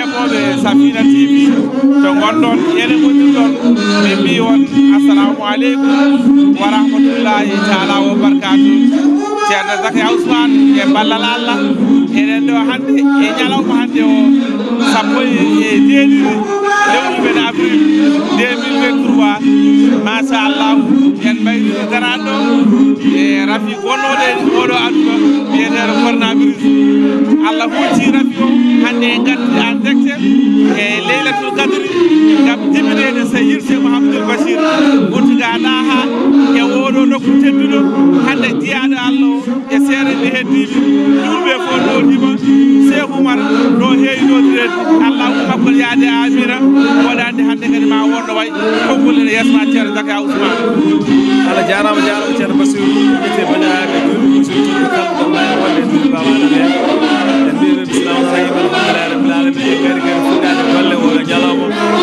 heɓoɓe safina tv to gonɗon ene gonirɗon ɓe mbi on assalamu aleykum wa rahmatullahi taala wa barkatu ceerno zakaya ousmane e ballal allah eɗen ɗo hannde e ñalawma hannde o sappo e jeeɗiɗi lewru men avril 2023 machallahu en mbayriɗo daran ɗo e rafi gonnoɗe oɗo aduna mbiyeteɗo coronavirus allah huuci rafi hande en dectel e leylatul gadri gam jibinede so yirse mouhamadoul bachir wurtuga laaha e woɗo nokku tedduɗo hande jiyaɗo allah e seere ndi heddiɓe ƴuuɓe fof ɗoɗima cheikh oumar no heewinodire allah umakkol yaade amira woɗande hande kadi ma wonɗo way hokkulle ne yesma ceerno zaka ousman allah jarama jarama ceerno bassir ɓite bandiraɓe ɗ surtout kamɗo ma wonde duɗi bawaɗo ɓe islam sahiɓe mbaɗaɗe plaɗe mbiye kadi kadi fuɗɗade golle wona ñalawma kono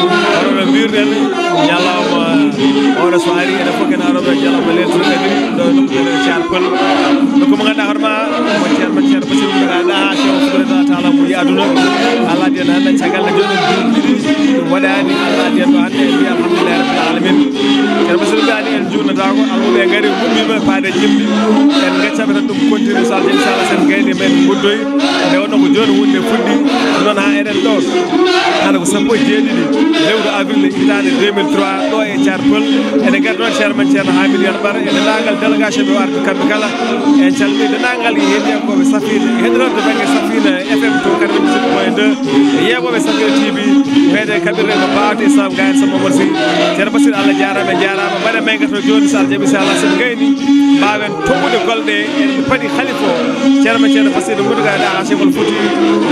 no mbirɗen ñalawma wala so ari ene fof ken aroɓe jalo ko leltude kadi ɗo ɗum ɗene ceer pol donc mo ganduɗa hoorema mo ceer mo ceer basir mbiɗaɗa ha cheikh subhanallah taala mo yi aduna allah adi en hande caggal ne joni ɗiɗiɗi ɗum waɗani allah adi en ɗo hande en mbiya alhamdulillahi rabbil alamin ceer basir mbiɗani en jurnatako alhuɓe gaari gummima faade jimɗi en gaccaɓe tan ɗum continue salde inchallah sen gayde men guddoy nde wonno ko joni wonde fuɗɗi noon ha eɗen ɗo hande ko sappo e jeeɗiɗi lewru avril hitande 2003 ɗo e ceer pol ene gari noon ceerno men ceerno hamidou yan bara e denndaangal délégation ɓe warde kamɓe kala en calmini denndaangal fm to kadi men dix tv meɗen kaɓirɗe ko mbawde islam gayen sa mamadou sy allah jarama en mbawen tonngude golɗe en paɗi haalifo ceerno ceerno fasiyde mudugade arrangement foti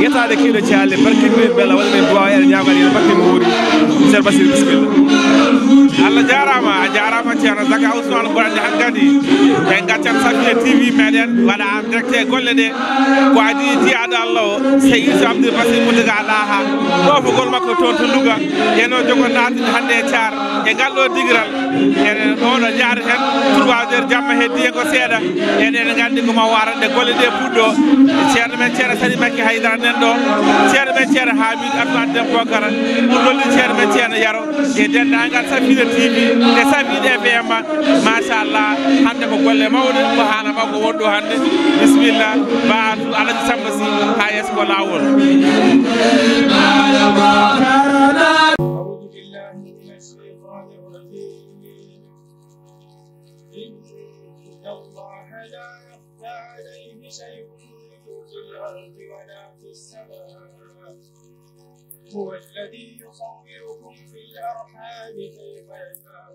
yetade keɗo calle barkinmen beela walla men duwawa ene ñagal yen barkin gori ceerno fasiyde bisimilla allah jarama a jarama matiére zaga ousmane bourandi hankkadi en gaccat sabine tv meɗen waɗa directe golle ɗe ko adi di aɗa allah o se isa amdi basi mudiga laaha ɗofogol makko toon to luga eno jogo natide hande thiar e, e ngal ɗo digiral eɗen ɗoɗo jaade hen trois heure jamma heddi e ko seeɗa eɗen gandi koma warande golle ɗe puɗɗo ceerno men ceere sadi makki haydara nen ɗo ceerno men ceere hamid atman den bokara ɗum lolli ceerno men ceerno yaro e dendagal safina tv e safide v fema machallah hande ko golle mawɗe ko haala ma ko wonɗo hande bisimilla ba alaji samba si ha yesso ko lawol الله لا يخفى عليه شيء في الأرض ولا في السماء هو الذي يصوركم في الأرحام كيف يشاء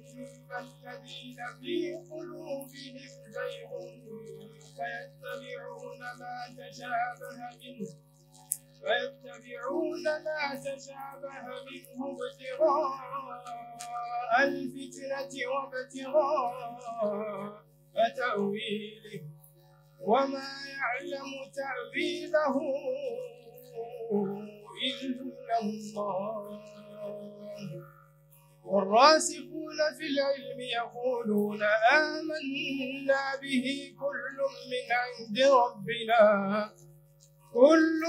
فالذين في قلوبهم زيغ فيتبعون ما تشابه منه فيتبعون ما تشابه منه ابتغاء الفتنة وابتغاء تأويله وما يعلم تأويله إلا الله والراسخون في العلم يقولون آمنا به كل من عند ربنا كل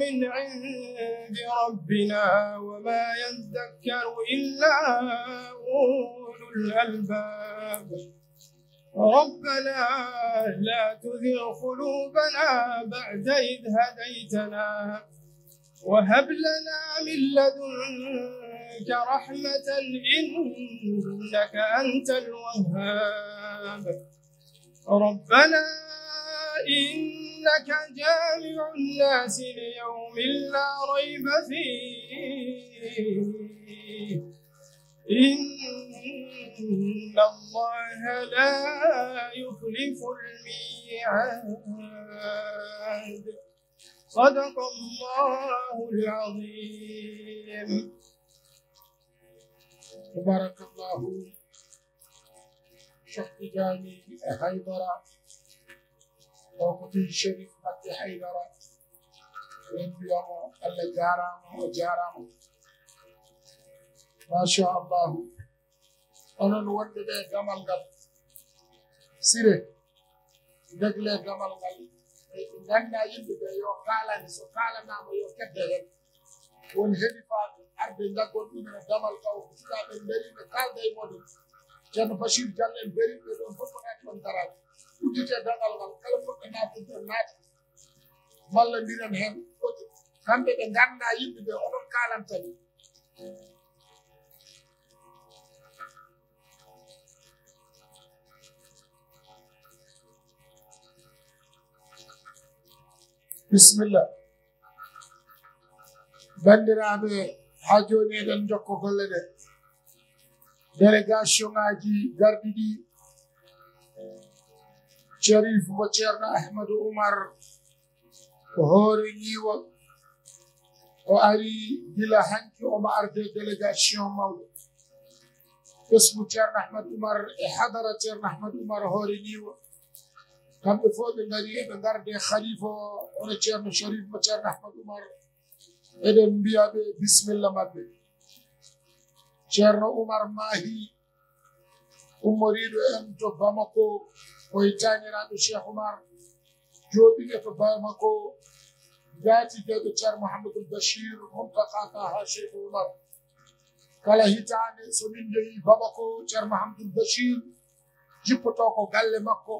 من عند ربنا وما يذكر إلا أولو الألباب ربنا لا تذر قلوبنا بعد إذ هديتنا وهب لنا من لدنك منك رحمة إنك أنت الوهاب ربنا إنك جامع الناس ليوم لا ريب فيه إن الله لا يخلف الميعاد صدق الله العظيم tabarakallahu Cheikh Tidiane Haydara kooku di Cherif Mbacké Haydara ren mbiyaamo Allah jaaraama o jaaraama masha allahu onon wonde ɓe gamal ngal sire degle gamal ngal ɓe ganna yimɓe ɓe yo kaalani so kaalanama yo kedde hen woni heɗi faaɓe arɓe daggol ɗumen damal kaw sukaɓe beriɓe kalda e moɗon ceerno bachir diallo en beriɓe ɗon fof wonani ɗon daraje uddite dangal ngal kala foɗɓe natuɗon naati wallodiren hen foti kamɓe ɓe ganda yimɓe ɓe oɗon kalantani bisimilla bandiraɓe hajo joni eɗen jokko golle ɗe délégation ngaji gardiɗi sharif mo ceerno ahmadou oumar ko hoore ñiiwa o ari gila hanki omo arde délégation mawɗo ɓesgu ceerno ahmad oumar e hadara ceerno ahmad oumar hoore ñiiwa kamɓe fof ɓe ngari eɓe ngarde khalifa o ono ceerno sharif mo ahmad oumar eden mbiyaɓe bismillah mabbe cerno umar mahi ummoriɗo en to bamako koye taniraɗo cheikh jobi ne to bamako gati gaati jeyɗo ceerno mouhamadoul bachir montakaka ha cheikh umar kala hitane so min de bamako cer mohammed al bashir jipoto ko galle makko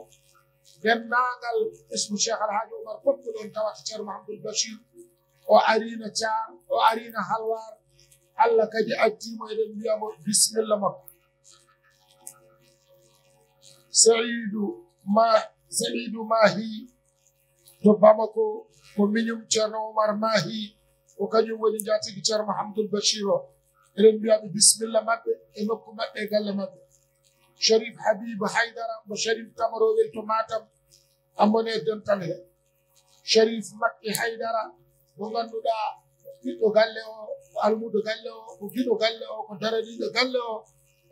den nagal ismu cheikh alhaji oumar foppuɗon tawata mohammed al bashir o arino car o arino halwar allah kadi addimo eɗen mbiyamo bisimilla makko saidu ma saidu mahi to bamako ko minum ceerno oumar mahi ko kañum woni jatigi ceerno mahamadou bachir o eɗen mbiyaɓe bisimilla maɓɓe e nokku maɓɓe e galle maɓɓe sharif habiba haydara mo sharif tamarowel to matam ammone dental he sharif makki haydara gonganduɗa ɓiɗɗo galle o ko almudo galle o ko giɗo galle o ko daraniɗo galle o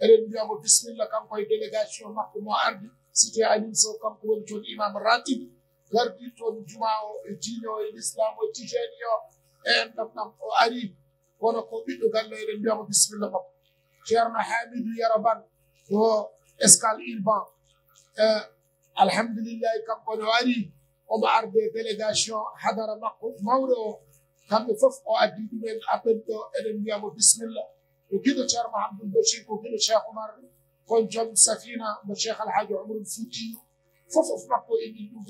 eɗen mbiyamo bisimilla kanko e délégation makko mo ardi site alim sow kanko woni toon imam ratib gardi toon juma o e diine o e l'islam o e tijani o e en ɗam ɗam o ari kono ko ɓiɗɗo galle o eɗen mbiyamo bisimilla makko ceerno hamidou yaraban o escal urban alhamdulillahi kanko ne o ari Omar de délégation hadara makko mawɗo o kamɓe fof o addi ɗumen appel ɗo eɗen mbiyamo bisimilla ko giɗo ceerno mahamadou bachir ko giɗo cheikh oumar kon joom safina mo cheikh alhaji omarul foutiyo fof of makko en ɗi ɗum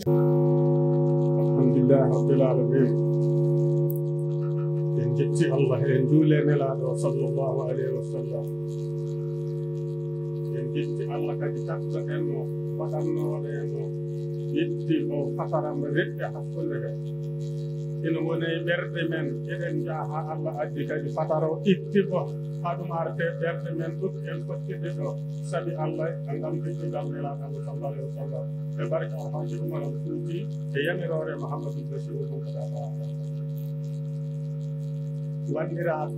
alhamdulillah rabbil alamin en jetti allah en juule nelaɗo sallllahu alayhi wa sallam en jetti allah kadi tagga en mo waɗanno waɗa en o ittiɗo fasara mo leɗɗe hakkulle he ina woni ɓerɗe men eɗen jaaha allah addi kadi fatara o ittiɗo haa ɗum arte ɓerɗe men ɗum en fottiɗe ɗo sabi allah e ngamdu ɗigal nelaɗallah sallah alih wa sallam e barke alhaji umar al fouti e yamirore mouhammadou rasulullah bandiraɓe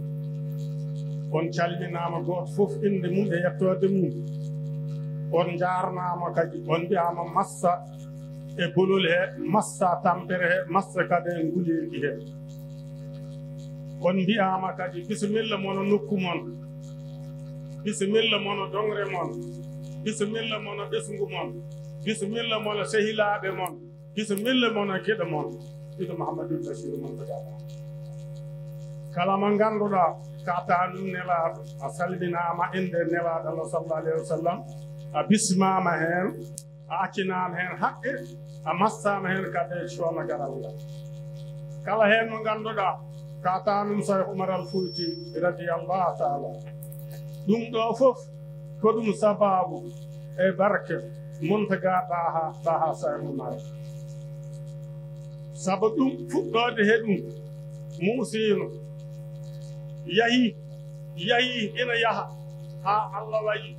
on calminama goto foof inde mum e yettode mum on jarnama kadi on mbiyama massa e bolol he massa tampere he massa kadi e he kon mbiyama kadi bisimilla mono nokku moon bisimilla mono dongre moon bisimilla mono ɓesngu moon bisimilla mono sehilaɓe mono geɗe moon ɗiɗo mahamadou bachir moon ko jaɓa kala mo ganduɗa a salminama inde nelaɗo allah sallah alayhi wa sallam a bismama hen a accinaama heen haqqe a massaama heen kadi coomagal allah kala heen mo ngannduɗaa ka tanum sawi umar al fuuti radiallahu taala ɗum ɗo fof ko ɗum sababu e barke montaga ɓaha ɓaha sawi umar sabu ɗum fuɗɗode he ɗum musino yahi yahi ina yaha ha allah wayi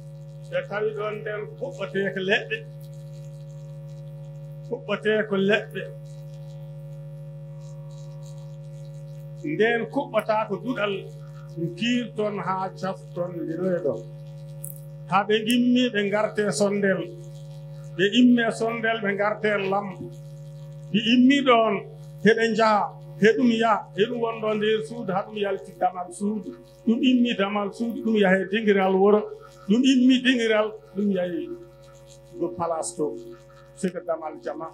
ɓe tawi ɗon nden huɓɓoteke leɗɗe kuɓɓoteeko ndeen kuɓɓataa ko duɗal kiirton haa cafton ndiroeɗo haa ɓe immii ɓe ngartee sonndel ɓe immee sonndel ɓe ngartee lam ɓe immii ɗoon heɓe njaha he ɗum yaha he ɗum wonɗo nder suudu haa ɗum yalti damal suudu ɗum immii damal suudu ɗum yahee dingiral wuro ɗum immii dingiral ɗum yahi ɗo palace sifa damal jama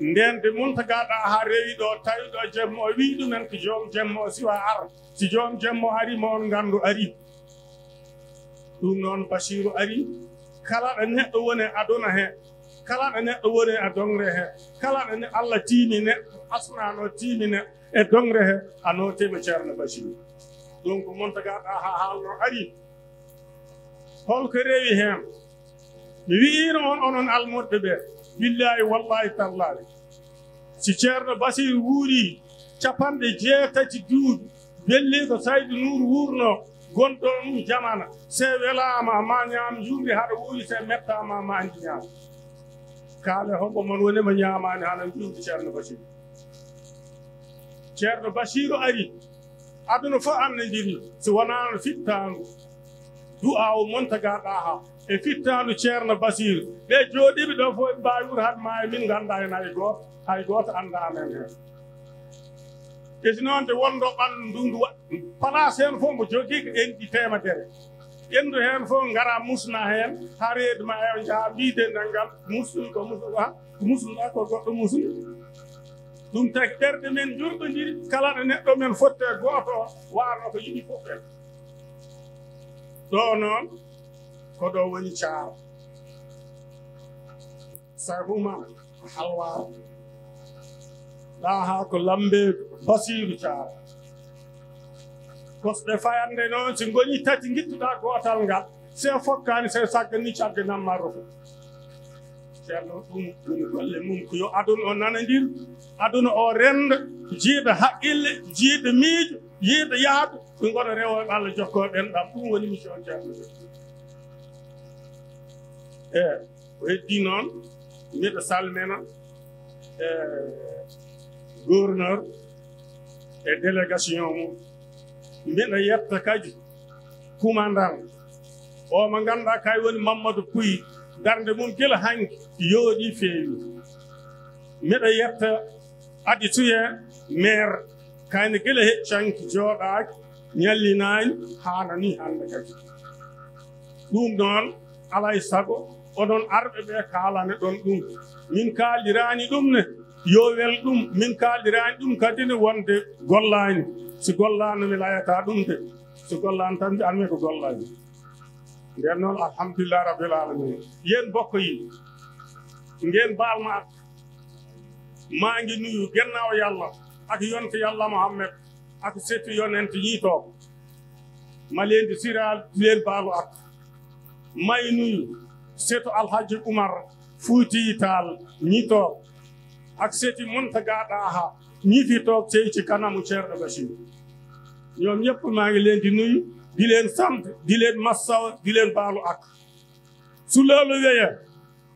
nden de muntagaɗa ha rewi do tawi ɗo jemmo wi ɗumen ko jom jemmo siwa ar si jom jemmo ari mon on gandu ari ɗum non basiru ari kala ɗo neɗɗo woni aduna he kala ɗo neɗɗo woni a dongre he kala ɗo allah tiimi neɗɗo asnano tiimi neɗɗo e dongre he a notima ceerno basiru donc montagaɗa ha haalno ari holko rewi hem mi wiino on onon almorɓe ɓe billahi wallahi tallahi si ceerno basir wuuri capanɗe jeetati duuɗi welli ko saydou nour wuurno gonɗo ɗum jamana se welama ma ñaam juurde haɗa wuuri se mettama mandi ñaam kaale hombo mon wonima ñaamani haalan juurde ceerno basir ceerno basiru ari aduna fo annadiri so wonano fittangu du'a o montagaɗa ha e fittaandu ceerno basir ɓe jooɗiiɓe ɗo fof ɓe mbawi wuur han maayo min ngannda hen hay gooto hay gooto annda amen heen esi noon nde wonɗo ɓallu ndu ndu place heen fof mbo jogii ko enɗi temedere ƴenndu heen fof ngara musna heen haa reedu ma njaha e mbiiden ɗen ngal musɗum e goɗɗo musɗum ɗum taki ɓerɗe men jurɗondiri kala ɗo neɗɗo men fotte gooto waano ko yiɗi fof en ɗo noon kodo wani caar sarhuma halwa la ha ko lambe basiru caar kosɗe fayande noon si goñi tati ko atal ngal se fokkani se saggani cagge nammarro fo ceerno dum ɗum golle mum ko adun on o nanadir aduna o renda jiida haqqille jida miijo yiida yahdu ko goɗo rewoɓe allah jokkoɓen ɗam ɗum woni mission ceerno heddi noon neɗɗo salmina e e délégation mum mbiɗa yetta kadi commandant o oh, mo ganduɗa kay woni mamadou puyi darde mum gila hanki yooɗi feewi mbiɗa yetta adituye maire kayne gila heccanki jooɗaki ñallinaani haana hannde kadi ɗum noon alaa sago oɗon arɓe ɓe kaalana ɗon ɗum min kaalirani ɗum ne yo wel ɗum min kaalirani ɗum kadi ne wonde gollani si gollano mi layata ɗum de so gollani tan mbi anmi ko gollani nden noon alhamdulillah rabbil alamin yen bokko yi ngen baalma maa ngi nuyu gennaaw yàlla ak yonte yàlla muhammad ak setti yonent yii toog ma leen di siraal leen baalu ak may nuyu seetu alhaji Umar Fuuti tal ni toog ak seeti Muntaga Daha ñi fi toog tey ci kanamu Thierno Bachir ñoom ñëpp maa ngi leen di nuyu di leen sant di leen massaw di leen baalu ak su loolu wéyee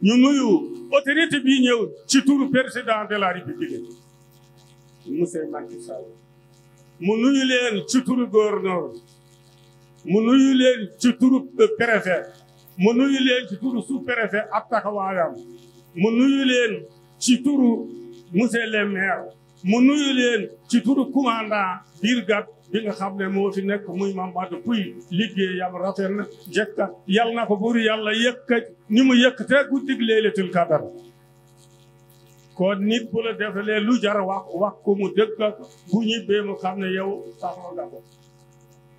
ñu nuyu autorité bi ñëw ci turu président de la république monsieur Macky Sall mu nuyu leen ci turu gouverneur mu nuyu leen ci turu préfet ma nuyu leen ci turu sous-préfet ak taxawaayam ma nuyu leen ci turu monsieur le maire ma nuyu leen ci turu commandant Birgat bi nga xam ne moo fi nekk muy Mamadou Pouy liggéeyam rafet na jekka yal na ko buri yàlla yëkka ni mu yëkkatee guddig Laylatul Qadr kon nit bu la defalee lu jar wax wax ko mu dëgg bu ñibbee mu xam ne yow saxoo nga ko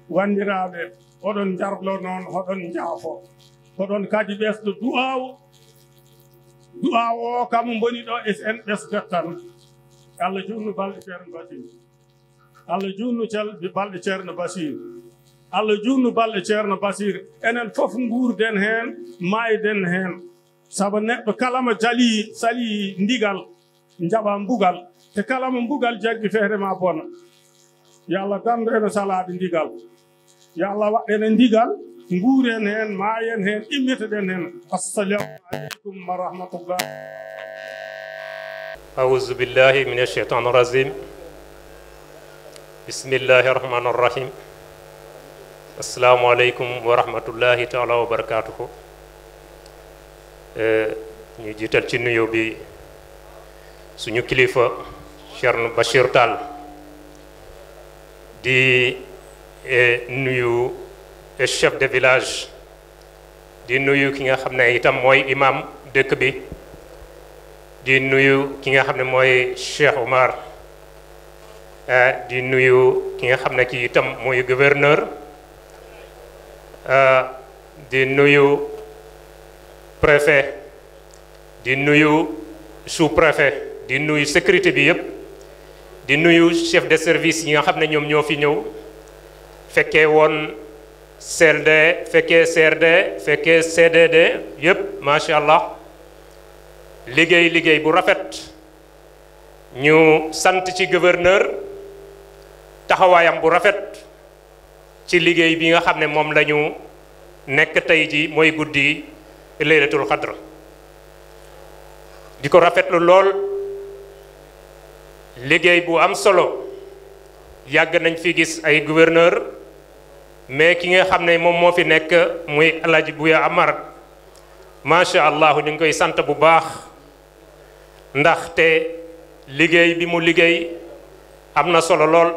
wanndiraaɓe oɗon njarlo noon oɗon njaafoo ko ɗon kadi ɓesdo du'awo du'awo o oh, kam boni ɗo en ɓesdat tan allah junnu balɗe ceerno basir allah junnu balɗe ceerno basir allah junnu balɗe ceerno basir enen fof guurden heen maayden heen sabu neɗɗo kala jali sali ndigal njaba mbugal te kala mo mbugal jaggi feere ma bona yo allah dandu ene salaaɓe ndigal yo allah waɗɗene ndigal نقول هن معي هن إمتى هن السلام عليكم ورحمة الله أعوذ بالله من الشيطان الرجيم بسم الله الرحمن الرحيم السلام عليكم ورحمة الله تعالى وبركاته أه، نجيتال تشنو يوبي سونو كليفا شرن بشير تال دي أه، نيو et chef de village di nuyu ki nga xam ne itam mooy imaam dëkk bi di nuyu ki nga xam ne mooy Cheikh Omar eh, di nuyu ki nga xam ne ki itam mooy gouverneur eh, di nuyu préfet di nuyu sous-préfet di nuyu sécurité bi yëpp di nuyu chef de service yi nga xam ne ñoom ñoo fi ñëw fekkee woon CLD fekkee CRD fekkee CDD yépp macha allah liggéey liggéey bu rafet ñu sant ci gouverneur taxawaayam bu rafet ci liggéey bi nga xam ne moom lañu nekk tey ji mooy guddi laylatul xadra di ko rafetlu lool liggéey bu am solo yàgg nañ fi gis ay gouverneur mais ki nga xam ne moom moo fi nekk muy bu Buya Amar macha allah ñu ngi koy sant bu baax ndaxte liggéey bi mu liggéey am na solo lool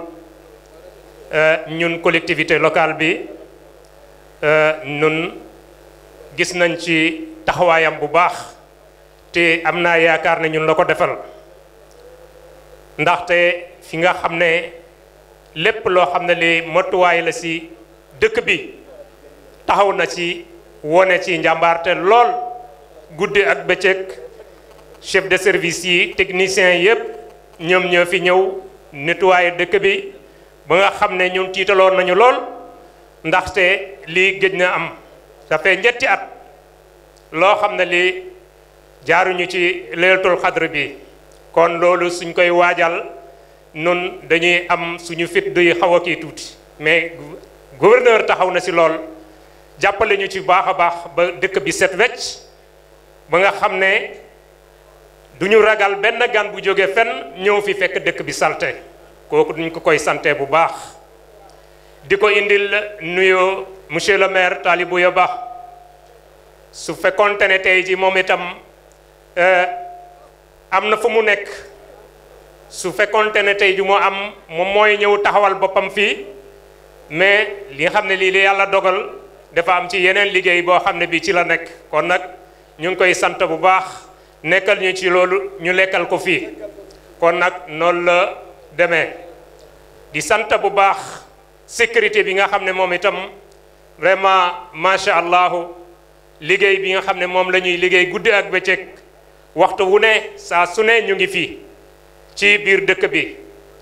euh, ñun collectivité locale bi euh, ñun gis nañ ci taxawaayam bu baax te am naa yaakaar ne ñun la ko defal ndaxte fi nga xam ne lépp loo xam ne li motuwaay la si dëkk bi taxaw na ci wone ci njàmbaarte lool guddi ak bëccëg chef de service yi technicien yëpp ñoom ñoo fi ñëw nettoyer dëkk bi ba nga xam ne ñun tiitaloon nañu lool ndaxte lii gëj na am ça fait ñetti at loo xam ne lii jaaruñu ci leeltul xadr bi kon loolu suñ koy waajal noon dañuy am suñu fit duy xaw tuuti mais gouverneur taxaw na si lool jàppale ñu ci baaxa baax ba dëkk bi set wecc ba nga xam duñu ragal benn gan bu jóge fenn ñëw fi fekk dëkk bi salté koku duñ ko koy santé bu baax Diko indil nuyo monsieur le maire ya Ba su fekkonté né tay ji mom itam euh amna fu mu nekk su fekkonté né tay ji mo am mom moy ñëw taxawal bopam fi mais li nga xam ne lii li yàlla dogal dafa am ci yeneen liggéey boo xam ne bi ci la nekk kon nag ñu ngi koy sant bu baax nekkal ñu ci loolu ñu lekkal ko fii kon nag noonu la demee di sant bu baax sécurité bi nga xam ne moom itam vraiment macha allahu liggéey bi nga xam ne moom lañuy liggéey guddi ak bëccëg waxtu wu ne saa su ne ñu ngi fii ci biir dëkk bi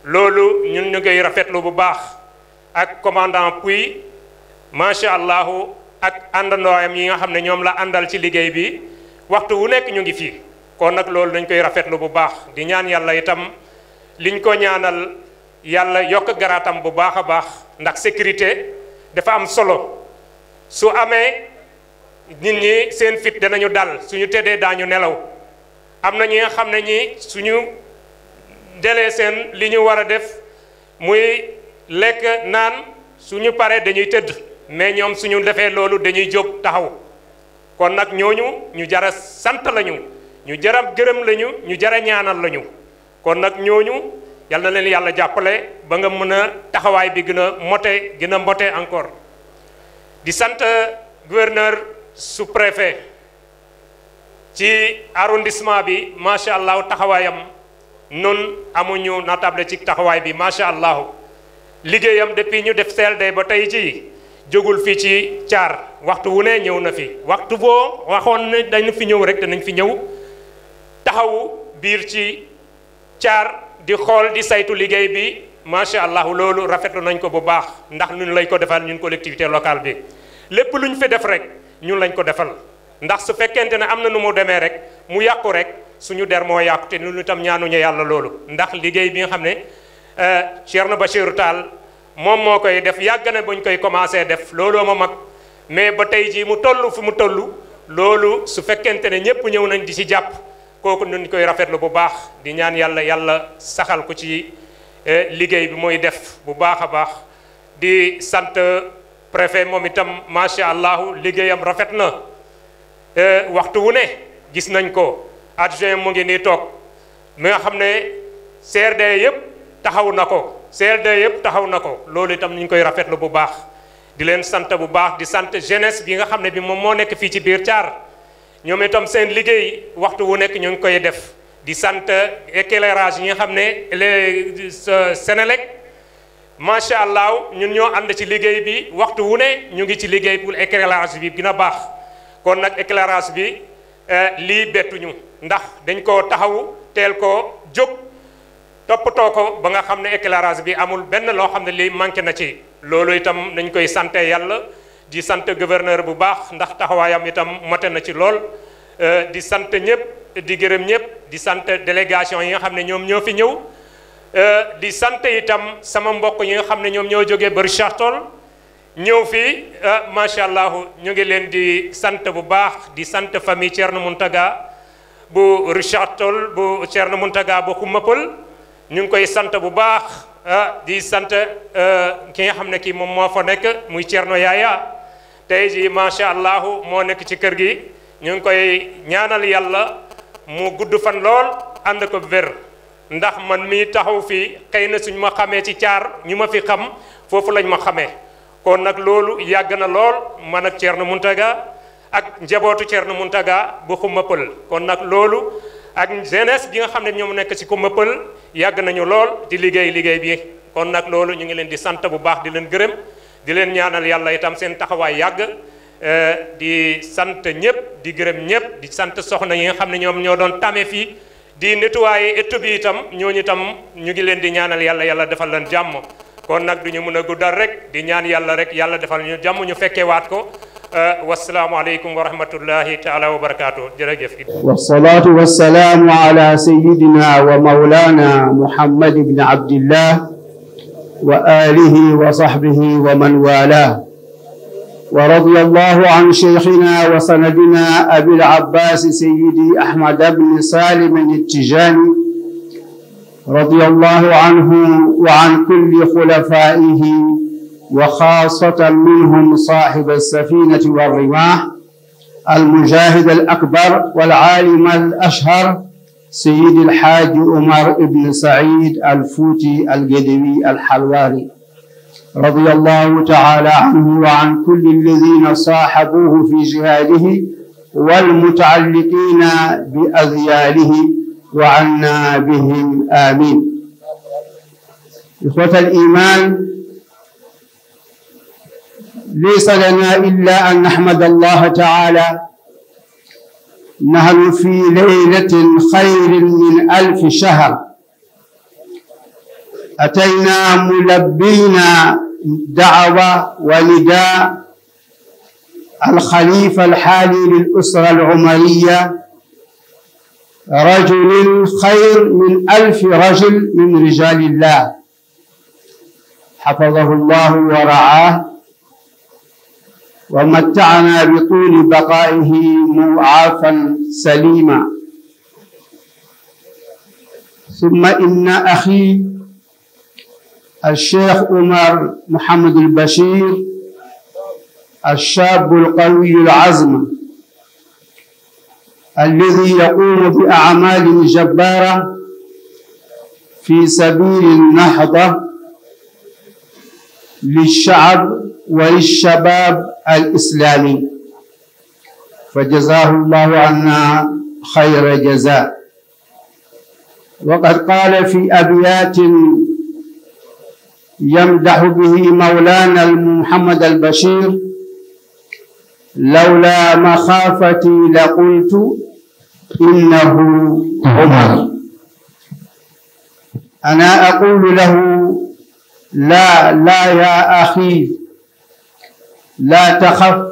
loolu ñun ñu koy rafetlu bu baax ak commandant Pouy macha allahu ak àndandooyam yi nga xam ne ñoom la àndal ci liggéey bi waxtu wu nekk ñu ngi fii kon nag loolu dañ koy rafet rafetlu bu baax di ñaan yàlla itam liñ ko ñaanal yàlla yokk garaatam bu baax a baax ndax sécurité dafa am solo su amee nit ñi seen fit danañu dal suñu tëddee daañu nelaw am na ñi nga xam ne ñi suñu delee seen li ñu war a def muy lekk naan suñu paree dañuy tëdd mais ñoom suñu defee loolu dañuy jóg taxaw kon nag ñooñu ñu jara sant lañu ñu jara gërëm lañu ñu jara ñaanal lañu kon nag ñooñu yal na leen yàlla jàppale ba nga mën a taxawaay bi gën a mote gën a mote encore di sant euh, gouverneur sous préfet ci arrondissement bi macha allah taxawaayam nun amuñu natable ci taxawaay bi macha allah. liggéeyam depuis ñu def CLD ba tey ci jógul fii ci caar waxtu wu ne ñëw na fi waxtu boo waxoon na dañu fi ñëw rek danañ fi ñëw taxawu biir ci caar di xool di saytu liggéey bi macha allah loolu rafetlu nañ ko bu baax ndax nu lañ ko defal ñun collectivité locale bi lépp lu ñu fi def rek ñun lañ ko defal ndax su fekkente ne am na nu mu demee rek mu yàqu rek suñu der moo yàqu te ñun itam ñaanuñu yàlla loolu ndax liggéey bi nga xam ne. Eh, Thierno Bachirou Tall moom moo koy def yàgg na buñ koy commencé def looloo ma mag mais ba tey jii mu toll fu mu tollu loolu su fekkente ne ñëpp ñëw nañ di ci jàpp kooku ñu koy rafetlu bu baax di ñaan yàlla yàlla saxal ko ci eh, liggéey bi muy def bu baax a baax di sant préfet moom itam macha allah liggéeyam rafet na eh, waxtu wu ne gis nañ ko adjoint mu ngi nii toog mi nga xam ne CRD yëpp. taxaw na ko CLD yëpp taxaw na ko loolu itam ñu ngi koy rafetlu bu baax di leen sant bu baax di sant jeunesse bi nga xam ne bi moom moo nekk fii ci biir Thiar ñoom itam seen liggéey waxtu wu nekk ñu ngi koy def di sant éclairage yi nga xam ne les euh, Sénélec macha allah ñun ñoo ànd ci liggéey bi waxtu wu ne ñu ngi ci liggéey pour éclairage bi gën a baax kon nag éclairage bi euh, lii bettuñu ndax dañ ko taxawu teel koo jóg. toppatoo ko ba nga xamne éclairage bi amul ben lo xamne li lii na ci lolu itam nañ koy sante yalla di santé gouverneur bu baax ndax taxawayam itam moté na ci lool euh, di santé ñep di gërem ñep di santé délégation yi nga xamne ñom ñoom ñoo fi euh di santé itam sama mbokk yi nga xamne ñom ñoom ñoo jógee bari chartol euh ma sha allah ñu ngi leen di santé bu baax di santé famille Thierno Muntaga bu Richard Toll bu Thierno Muntaga bu kumapol. ñu ngi koy sant bu baax ah, di sant ah, ki nga xam ne kii moom moo fa nekk muy Thierno Yaaya tey jii macha allah moo nekk ci kër gi ñu ngi koy ñaanal yàlla mu gudd fan lool ànd ko wér ndax man mii taxaw fii xëy na suñ ma xamee ci caar ñu ma fi xam foofu lañ ma xamee kon nag loolu yàgg na lool man ak Thierno Mountaga ak njabootu Thierno Mountaga bu xuma pël kon nag loolu. ak jeunesse bi nga xam ne ñoom nekk ci Koumba Pël yàgg nañu lool di liggéey liggéey bi kon nag loolu ñu ngi leen di sant bu baax di leen gërëm di leen ñaanal yàlla itam seen taxawaay yàgg eh, di sant ñëpp di gërëm ñëpp di sant soxna yi nga xam ne ñoom ñoo doon tame fii di nettoyer ëtt bi itam ñooñu itam ñu ngi leen di ñaanal yàlla yàlla defal leen jàmm kon nag du ñu mën a guddal rek di ñaan yàlla rek yàlla defal ñu jàmm ñu fekkee waat ko آه، والسلام عليكم ورحمة الله تعالى وبركاته والصلاة والسلام على سيدنا ومولانا محمد بن عبد الله وآله وصحبه ومن والاه ورضي الله عن شيخنا وسندنا أبي العباس سيدي أحمد بن سالم التجاني رضي الله عنه وعن كل خلفائه وخاصة منهم صاحب السفينة والرماح المجاهد الأكبر والعالم الأشهر سيد الحاج عمر بن سعيد الفوتي القدمي الحلواري رضي الله تعالى عنه وعن كل الذين صاحبوه في جهاده والمتعلقين بأذياله وعنا بهم آمين إخوة الإيمان ليس لنا إلا أن نحمد الله تعالى نحن في ليلة خير من ألف شهر أتينا ملبينا دعوة ونداء الخليفة الحالي للأسرة العمرية رجل خير من ألف رجل من رجال الله حفظه الله ورعاه ومتعنا بطول بقائه موعافا سليما ثم إن أخي الشيخ عمر محمد البشير الشاب القوي العزم الذي يقوم بأعمال جبارة في سبيل النهضة للشعب وللشباب الإسلامي فجزاه الله عنا خير جزاء وقد قال في أبيات يمدح به مولانا محمد البشير لولا مخافتي لقلت إنه عمر أنا أقول له لا لا يا أخي لا تخف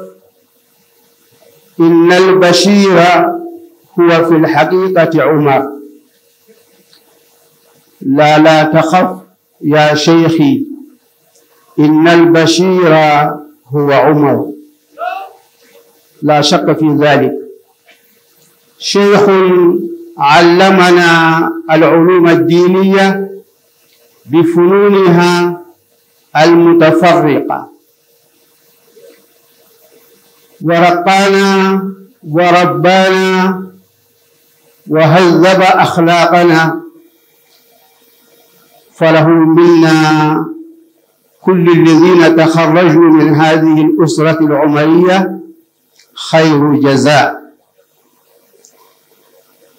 إن البشير هو في الحقيقة عمر لا لا تخف يا شيخي إن البشير هو عمر لا شك في ذلك شيخ علمنا العلوم الدينيه بفنونها المتفرقة ورقانا وربانا وهذب أخلاقنا فله منا كل الذين تخرجوا من هذه الأسرة العمرية خير جزاء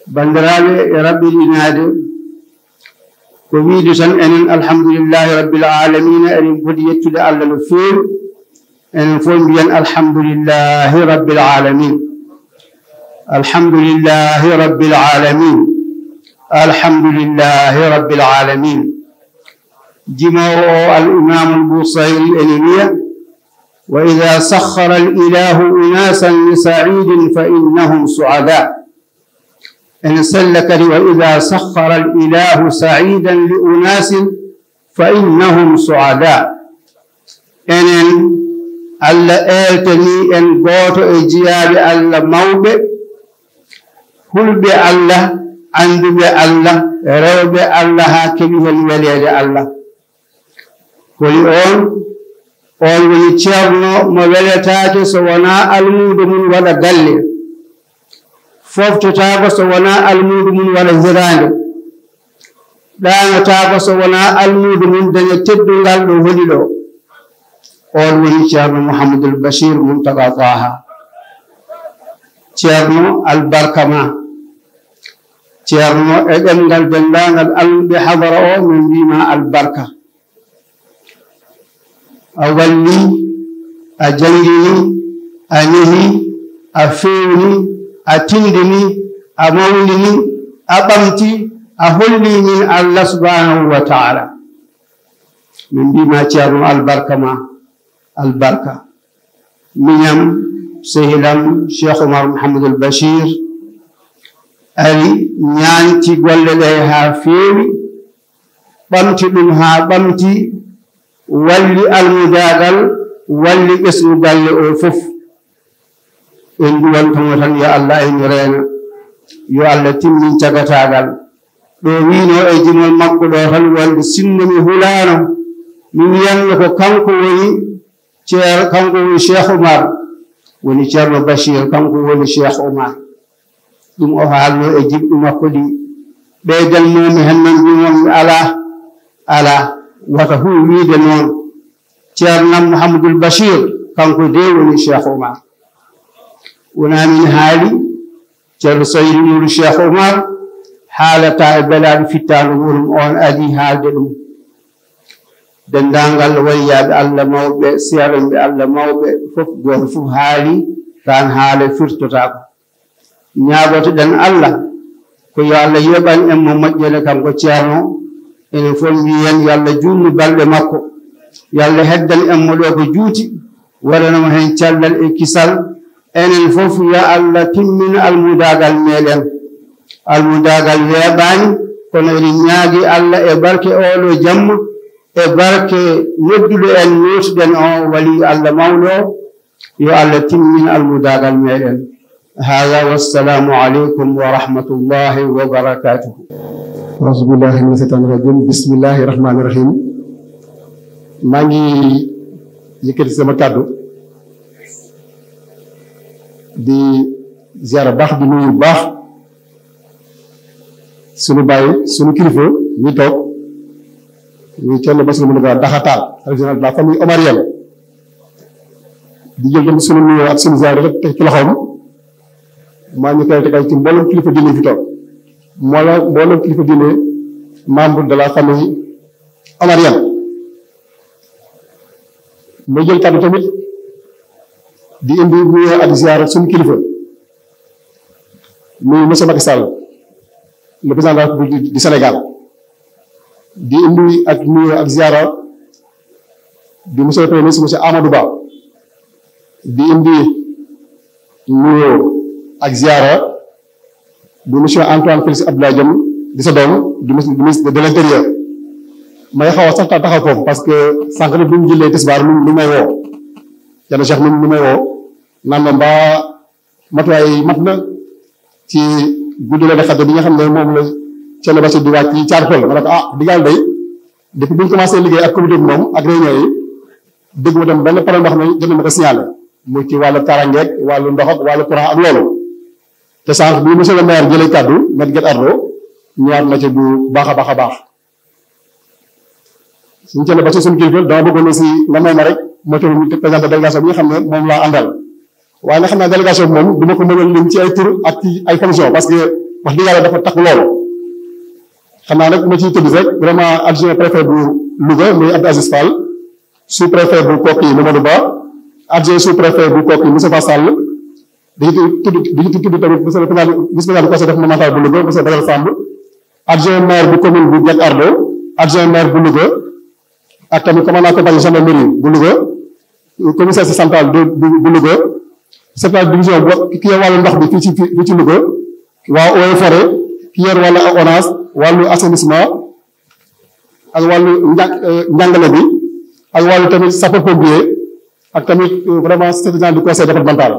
بندرال ربي لنادم كويد سن ان الحمد لله رب العالمين ان فديت لعل الفور ان فون الحمد لله رب العالمين الحمد لله رب العالمين الحمد لله رب العالمين جمار الامام البوصير الانيميه واذا سخر الاله اناسا لسعيد فانهم سعداء إن سلك وإذا سخر الإله سعيدا لأناس فإنهم سعداء إن ألا إلتني إن قوت إجيال ألا موب كل بألا عند بألا رو بألا هاكم الوليد ألا كل أول أول من تشابنا مولتاك سوناء المود من ولا قلل foftotaago so wonaa almuudu mum wala hiraande ɗaanotaago so wonaa almuudu mum daña teddungal ɗo woni ɗo on woni ceerno mouhamadoul bachir muntaga taha ceerno albarka ma ceerno e ɗemngal denndaangal alluɓe hadara o min mbima albarka a walli a janngini a nehi a feewni a tindini a mawlini a ɓamti a holli min allah subhanahu wa min mbima ceerno albarka ma albarka miñam sehilam cheikh oumar mouhamadoul bachir ari ñaanti golle ɗe haa feewi ɓamti ɗum haa ɓamti walli almudagal walli ɓesmu galle o fof en ɗuwantumo tan yo allah en reena yo allah timmin cagataagal ɗo wiino e jimol makko ɗo tan wonde sinno mi hulaano mi wiyanno ko kanko woni ceer kanko woni cheikh oumar ɗum o haalno e jiɓɗi makko ɗi ɓeydel momi hen noon ɗumon mi ala ala wata hu wiide noon ceernam mouhamadoul bachir kanko de woni cheikh oumar ونامن هالي جل سيد نور الشيخ عمر حالة البلاد في التانغورم أون أدي هادلم دندانغال وياد الله موبة سيرم الله موبة فوق غرفو هالي كان حالة فرتتاك نيابة دن الله كي الله يبان أمو مجلة كم كتيانو إن فلوين يالله جون بلد مكو يالله هدن أمو لوك جوتي ولنمهن شلل إكسال enen fof yo allah timmina almudagal meɗen almudagal weeɓani kono eɗen ñaagi allah e barke oɗo jamma e barke nodduɗo en notuɗen o wali allah mawɗo yo allah timmina almudagal meɗen hada wassalamu aleykum wa rahmatullahi wa barakatuhu ausubillahi mina seytani rajim bismillahi rahmani rahim maa ngi yëkkati sama di ziara baax di nuyu baax suñu bàyyi suñu kilifa ñu toog ñu Thierno Bassirou Mountaga Daxataal xalifa général de la famille omarienne di jël dem suñu nuyoo ak suñu ziara rek teg ci loxoom maa ñu koy tegal ci mboolem kilifa diine fi toog mboolem mboolem kilifa diine membre de la famille omarienne ma jël kàddu tamit di indi nuyoo ak ziar suñu kilifa muy monsieur Macky Sall le Sénégal di indi ak nuyoo ak ziara di monsieur le premier Amadou Ba di indi nuyoo ak ziara di monsieur Antoine Félix Abdoulaye Diome di sa doom di ministre de l'intérieur may xaw a sax taxaw foofu parce que sànq bi mu jëlee tisbaar mi ngi may woo. Thierno Cheikh moom lu may woo naan la mbaa matuwaay yi mat na ci guddi la defante bi nga xam ne moom la Thierno Bachir di wàcc ci caar xool ma ne ah digal day depuis bi ñu commencé liggéey ak comité moom ak réunion yi dégg ma tam benn problème boo xam ne jot ma ko signalé mu ci wàllu karangeeg wàllu ndox ak wàllu ak loolu te sànq bi monsieur le maire jëlee kàddu met get ardo ñëwaat na ci bu baax a baax a baax suñu Thierno Bachir suñu kilifa dama bëggoon aussi nga may ma rek moo bi présenté délégation bi nga xam ne moom laa àndal waaye nga xam ne délégation moom du ko mën a lim ci dafa tax lool xam naa nag ma ciy tëdd rek vraiment adjoint préfet bu Louga muy Abdou Aziz Ba adjoint sous préfet bu Koki Moustapha Sall di tudd di tudd tamit monsieur le président vice président du conseil départemental bu Louga monsieur Badal Samb adjoint maire bu commune bu Diak Ardo adjoint maire bu Louga commissariat central de bu Louga central division bu ki yor wàllu ndox bi fii ci fii ci Louga waa Eaux et Forêts ki yor wàllu ONAS wàllu assainissement ak wàllu euh, njàngale bi ak wàllu tamit sapeur pompier ak tamit euh, vraiment président du conseil départemental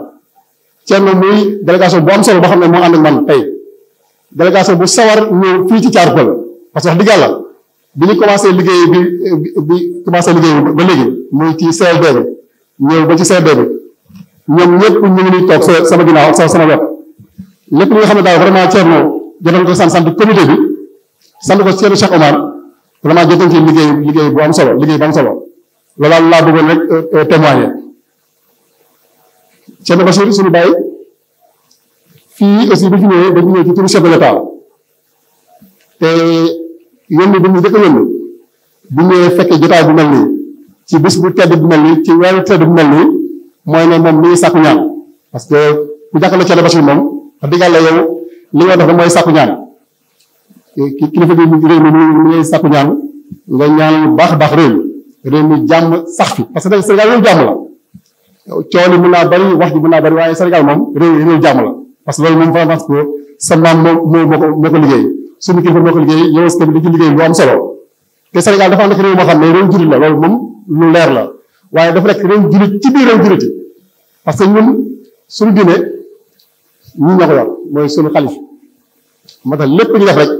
Thierno muy délégation bu am solo boo xam ne moo ànd ak man tey délégation bu sawar ñëw fii ci Thiar Peulh parce que wax dëgg yàlla bi ñu commencé liggéey bi bi commencé liggéey ba léegi muy ci CLD bi ñëw ba ci CRD bi ñoom ñëpp ñu toog sa sama ginnaaw sa sama wet lépp li nga xam ne daal vraiment Thierno jotoon ko sant sant comité bi sant ko Thierno Cheikh Omar vraiment jotoon ci liggéey liggéey bu am solo liggéey bu am solo loolu laa bëggoon rek euh, euh, témoigner. Thierno Bachir suñu bàyyi fii aussi bu fi ñëwee dañu ci turu chef de l'État te yónni bi ñu njëkk a yónni bu fekkee jotaay bu mel nii. ci bis bu tedd bu mel nii ci weeru tedd bu mel nii mooy ne moom mi ngi sàkku ñaan parce que ku jàkkale Thierno Bachir yàlla yow li mooy sàkku ñaan ki kilifa bi réew mi mi ngi ñaan nga ñaanal baax baax sax fi parce que Sénégal yow jàmm la coow li mën naa bari wax ji mën naa bari waaye Sénégal moom réew réew jàmm la parce que loolu moom vraiment que sa maam moo moo ko moo ko liggéey suñu kilifa moo ko liggéey yow tamit liggéey bu am solo te Sénégal dafa nekk réew moo xam ne réew jullit la loolu moom lu leer la waaye dafa rek réew jullit ci biir réew jullit parce que ñun suñu diine ñun ñoo ko yor mooy suñu xalif moo tax lépp ñu def rek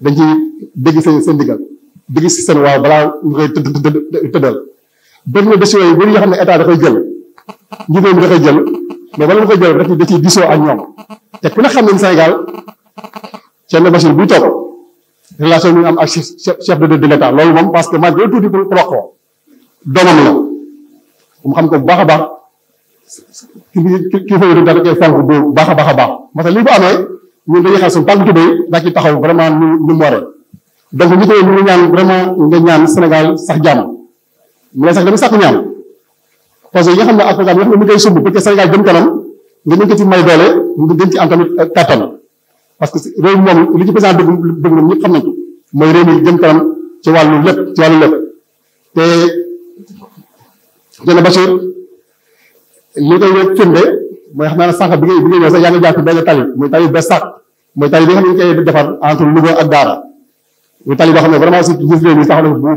dañ ci dégg seen seen diggal dégg si seen waaw balaa ñu koy tëddal bëri na décision yi xam ne état da koy jël njiit mi da koy jël mais bala nga koy jël rek da ciy diisoo ak ñoom te ku ne xam ne Sénégal Thierno Bachir buy toog relation bi ñu am ak moom parce que maa ngi tuuti pour wax doomam la mu xam ko bu baax a baax ki ki fay dara koy fonk bu baax a baax a baax parce que lii bu amee ñun dañuy xel suñu tànk tubéy daa ci taxaw vraiment nu nu mu waree donc ñu koy ñu ñaan vraiment nga ñaan Sénégal sax jàmm mu lay sax dama sàkk ñaan parce que xam ne ak programme yi nga xam ne mi ngi koy sumb pour Sénégal jëm kanam nga mën ci may doole nga gën ci am tamit kattan parce que réew moom li ci président dëgg dëgg ñëpp xam nañ mooy réew mi jëm kanam ci wàllu lépp ci wàllu lépp jël Bachir li koy wér firnde mooy xam naa ne sànq bi nga bi nga ñëw sax yaa ngi jàpp benn tali muy tali ba sàq mooy tali bi nga xam ne ñu koy defar entre Louga ak Daara a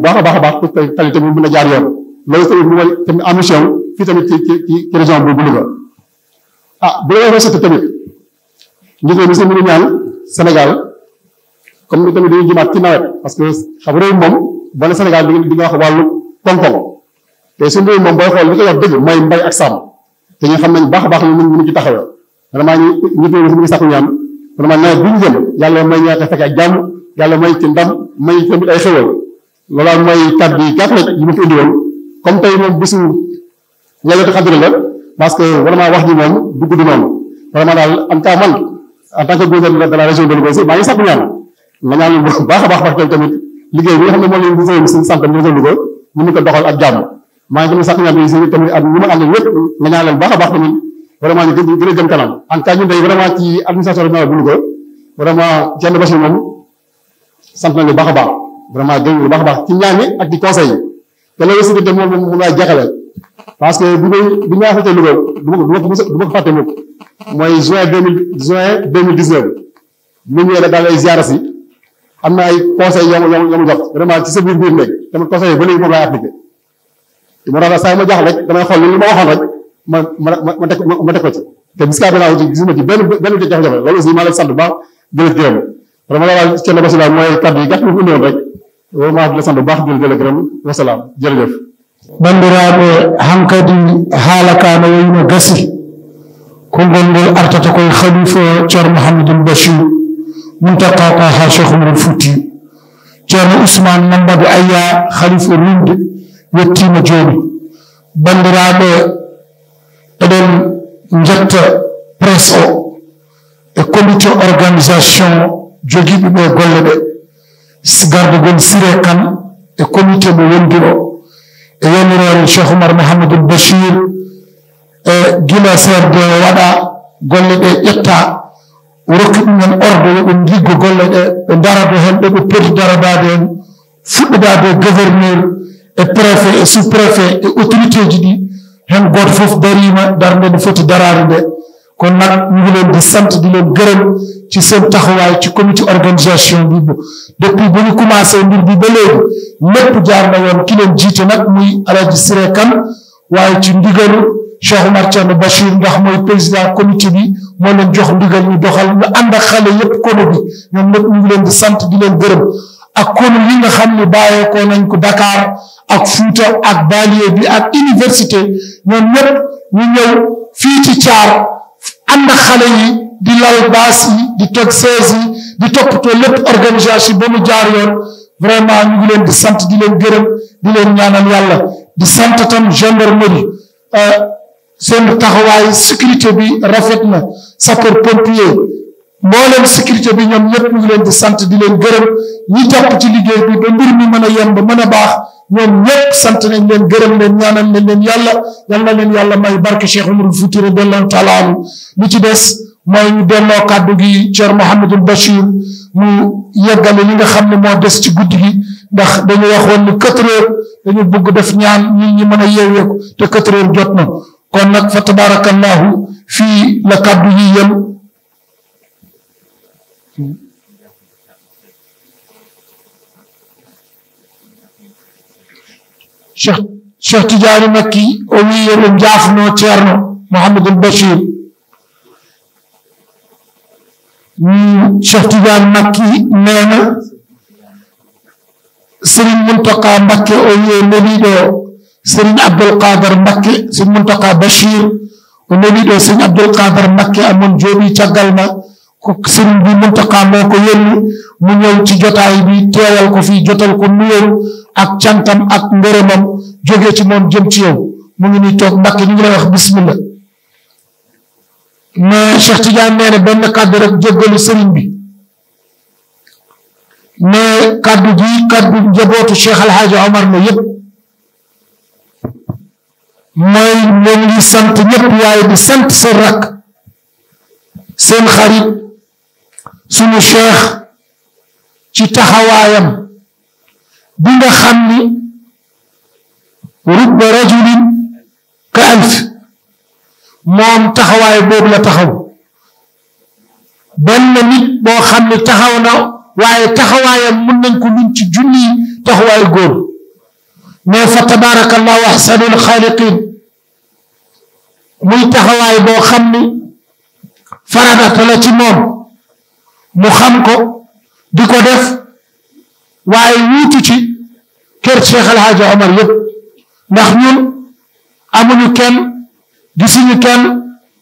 baax a baax pour tali tamit a jaar yoon loolu si mooy tamit ambition fii tamit ci ci ci région bu bu Louga ah bu la waxee tamit ñu koy monsieur Mbirou ñaan Sénégal comme ni tamit dañuy jëmaat ci nawet parce que xam réew moom ba ne Sénégal di nga wax wàllu koom te suñu réew moom booy xool li koy wax dëgg mooy mbay ak sàmm te ñu xam nañ baax a baax lu ñu ci taxawee vraiment ñu ñu ngi sax ñaan vraiment nawet bi ñu jëm yàlla may ñaata yàlla may ci ndam may tamit ay xéwal loolu mooy ma fi indi woon moom bisu Laylatul Qadr la parce que vraiment wax ji moom du gudd noonu vraiment daal en tout cas man en tant que la région de Louga maa ngi sax ñaan nga ñaan bu baax a baax wax tamit liggéey bi nga xam ne moom la ñu gisee ko doxal ak jàmm maa ngi gën a sàkk ñaan si tamit ak ñu ma àndal lépp nga ñaanal baax a baax tamit vraiment ñu gën gën a jëm kanam en tout cas ñun day vraiment ci administration régionale bu Louga vraiment Thierno Bachir moom a a baax ci ñaan moom moom laa jaxale parce que bu may bu ñu affecté Louga du ma ko du ma ko mooy juin deux mille juin deux mille dix neuf ñu ñëwee rek daal ay ziara si am na ay conseils yoo ma yoo ma ci sa biir nekk tamit conseil ba léegi moom laay appliqué moo tax a yi ma jaaxal rek damay xool lu ma waxoon rek ma ma ma teg ma teg ko ci te biskaa ba si daal mooy kàddu yi gàtt ma ko wettima joni bandiraɓe eɗen jetta presse o e comité organisation jogiɓe ɓe golle ɗe gardugol siré kan e comité mo wondi o e yanirore cheikh oumar mouhamadoul bachir e gila serde waɗa golle ɗe ƴetta rokki ɗumen orde yoɓen liggo golle ɗe ɓe darado hen ɗo ɓe poti daradade hen fuɗɗodade gouverneur e préfet e sous préfet e autorité ji ɗi hen goto foof darima darde nde foti darade nde kon nag ñu ngi leen di sant di leen gërëm ci seen tax taxawaay ci comité organisation bi depuis bu ñu commencé mbir bi ba léegi lépp jaar na yoon ki leen jiite nag muy Alaaji Siré waaye ci ndigalu Cheikh Oumar Thierno Bachir ndax mooy président comité bi moo leen jox ndigal ñu doxal ñu ànd ak xale yépp kono bi ñoom ñëpp ñu ngi leen di sant di leen gërëm ak kon yi nga xam ne bàyyeekoo nañ ko Dakar ak Fuuta ak banlieue bi ak université ñoom ñëpp ñu ñëw fii ci caar ànd ak xale yi di lal baas di teg sees yi di toppatoo lépp organisation ba mu jaar yoon vraiment ngi leen di sant di leen gërëm di leen ñaanal yàlla di sant tam gendarmerie euh, seen taxawaay sécurité bi rafet na sapeur pompier mbooleem sécurité bi ñoom ñëpp ñu leen di sant di leen gërëm ñi jàpp ci liggéey bi ba mën a yemb mën a baax ñoom ñëpp sant nañ leen gërëm leen ñaanal nañ leen yàlla yal na leen yàlla may barke Cheikh Umarul Fuuti radiyallahu taala anhu lu ci des mooy ñu delloo kàddu gi Cheikh Mouhamadul Bachir mu yeggale li nga xam ne moo des ci guddi gi ndax dañu waxoon ni quatre heures dañu bëgg def ñaan ñi mën a yeeweeku te quatre heures jot na kon nag fa tabarakallahu fii la kàddu yi yem Cheikh Cheikh Tidiane Makki o wii yoɓe jaafno ceerno Mouhamadoul Bachir Cheikh Tidiane Makki neena Serigne Mountakha Mbacké o wiye neliɗo Serigne Abdoul Kadar Mbacké Serigne Mountakha Bachir o neliɗo Serigne Abdoul Kadar Mbacké amon sëriñ bi Muntaqa moo ko mu ñëw ci jotaay bi teewal ko fii jotal ko nuyoo ak cantam ak ngërëmam jóge ci moom jëm ci yow mu ngi nii toog Mbàkke ñu ngi lay wax bismillah mais Cheikh benn kàddu rek jéggalu bi mais kàddu gi kàddu njabootu Cheikh El Hadj Omar la yëpp mooy ngi sant ñëpp waaye di sant seen seen xarit. sunu cheikh ci taxawayam bi nga xamni ni rajul ka alf mom taxaway bobu la taxaw ben nit bo xamni taxaw na waye taxawayam mën nañ ko luñ ci junni taxaway góor mais fa tabarakallahu ahsanul khaliqin muy taxaway bo xamni farada faragata la ci moom mu xam ko di ko def waaye wuutu ci kër Cheikh El Hadj Omar yëpp ndax ñun amuñu kenn gisuñu kenn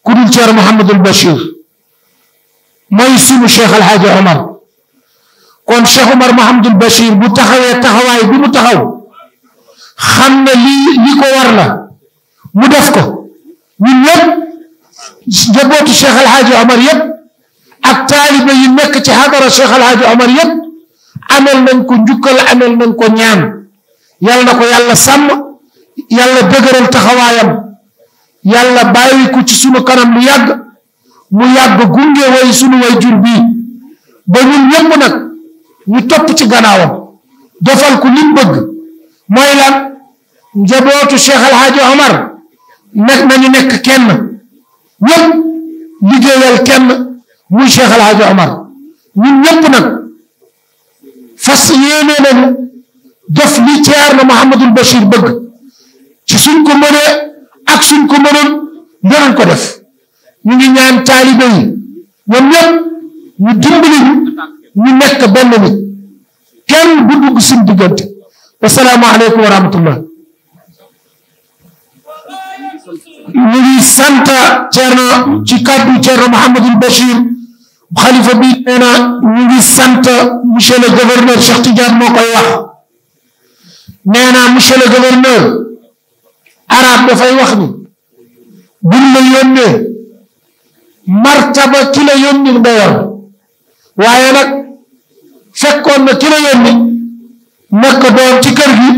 ku dul Cheikh Mouhamadul Bachir mooy sunu Cheikh El Hadj Omar kon Cheikh Omar Mouhamadul Bachir bu taxawee taxawaay bi mu taxaw xam ne lii li ko war la mu def ko ñun ñëpp njabootu Cheikh El Hadj Omar yëpp. ak taalibe nekk ci xadara Cheikh El Hadj Omar amel nañ ko njukkal amel nañ ko ñaan yal na ko yàlla sàmm yàlla dëgëral taxawaayam yàlla bàyyi ko ci sunu kanam lu yàgg mu yàgg gunge way sunu way jur ba ñun ñëpp nag ñu topp ci gannaawam defal ko lim bëgg mooy lan njabootu Cheikh El Hadj nekk nañu nekk kenn ñëpp liggéeyal kenn. muy Cheikh El Hadj Omar ñun ñëpp nag fas yéene nañu def li Thierno Mouhamadul Bachir bëgg ci suñ ko mënee ak suñ ko mënoon danañ ko def ñu ngi ñaan taalibe yi ñoom ñëpp ñu dimbali ñu nekk benn nit kenn bu dugg suñ diggante wasalaamaaleykum wa rahmatullah ñu ngi sant Thierno ci kàddu Thierno Mouhamadul Bachir xalifa bi nee na ñu ngi sant monsieur le gouverneur Cheikh Tidiane moo koy wax nee na monsieur le gouverneur dafay wax ni buñ la yónnee martaba ki la yónni nga yor waaye nag fekkoon na ki la yónni nekk ci kër gi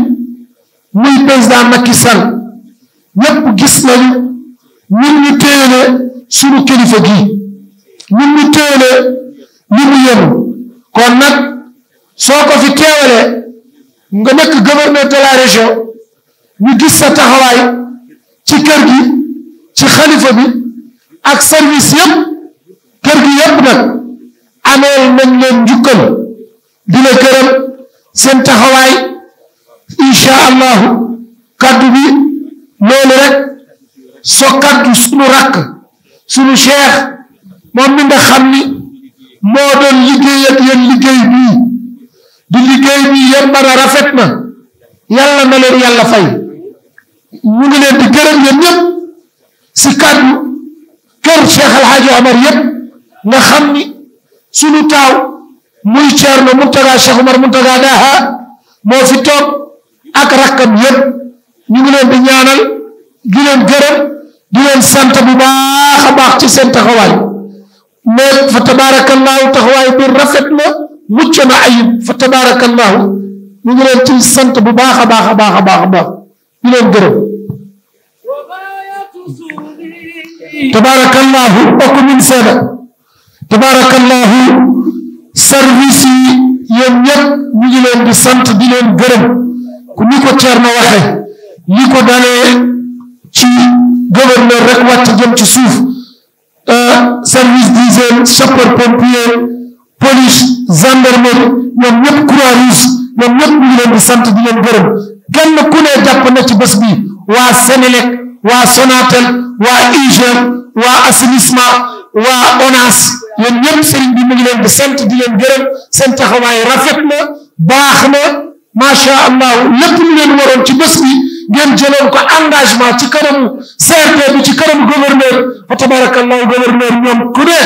muy président Macky Sall ñëpp gis nañu ñun ñu téye sunu kilifa gi. ñun ñu teewalee ñu mu yëm kon nag soo ko fi teewalee nga nekk gouverneur de la région ñu gis sa taxawaay ci kër gi ci xalifa bi ak service yëpp kër gi yëpp nag ameel nañ leen njukkal di la gërëm seen taxawaay incha allahu kaddu bi loolu rek soo kaddu suñu rakk suñu cheikh moom mi nga xam ni moo doon liggéey ak yéen di liggéey bii yemba na rafet na yàlla na leen fay ñu ngi leen di gërëm yéen ñëpp si kàddu kër Cheikh El Hadj Omar yëpp nga xam ni sunu taaw muy Thierno Mountaga Cheikh Omar Mountaga Daha moo fi toog ak rakkam yëpp ñu ngi leen di ñaanal di leen gërëm di leen sant bu baax a baax ci seen taxawaay. مالك فتبارك الله تخواي بي رفت لا مجمع ايب فتبارك الله نقول انت السنت بباخ باخ باخ باخ باخ يلون قرب تبارك الله اكو من سنة تبارك الله سرويسي يم يم نقول انت السنت دلون قرب كنكو تيرنا وحي نكو دالي تي غورنر رك وات جيم تي سوف Euh, service d'hygiène sapeur pompier police gendarmerie ñoom ñëpp Croix-Rouge ñoom ñëpp ñu ngi leen di sant di leen gërëm kenn ku ne jàpp na ci bés bi waa Sénélec waa Sonatel waa hygiène waa assainissement waa ONAS yéen ñëpp sëriñ bi mu ngi leen di sant di leen gërëm seen taxawaay rafet na baax na macha allah lépp lu leen waroon ci bés ngeen jëloon ko engagement ci kanamu CRP bi ci kanamu gouverneur fa tabarakallahu gouverneur ñoom ku ne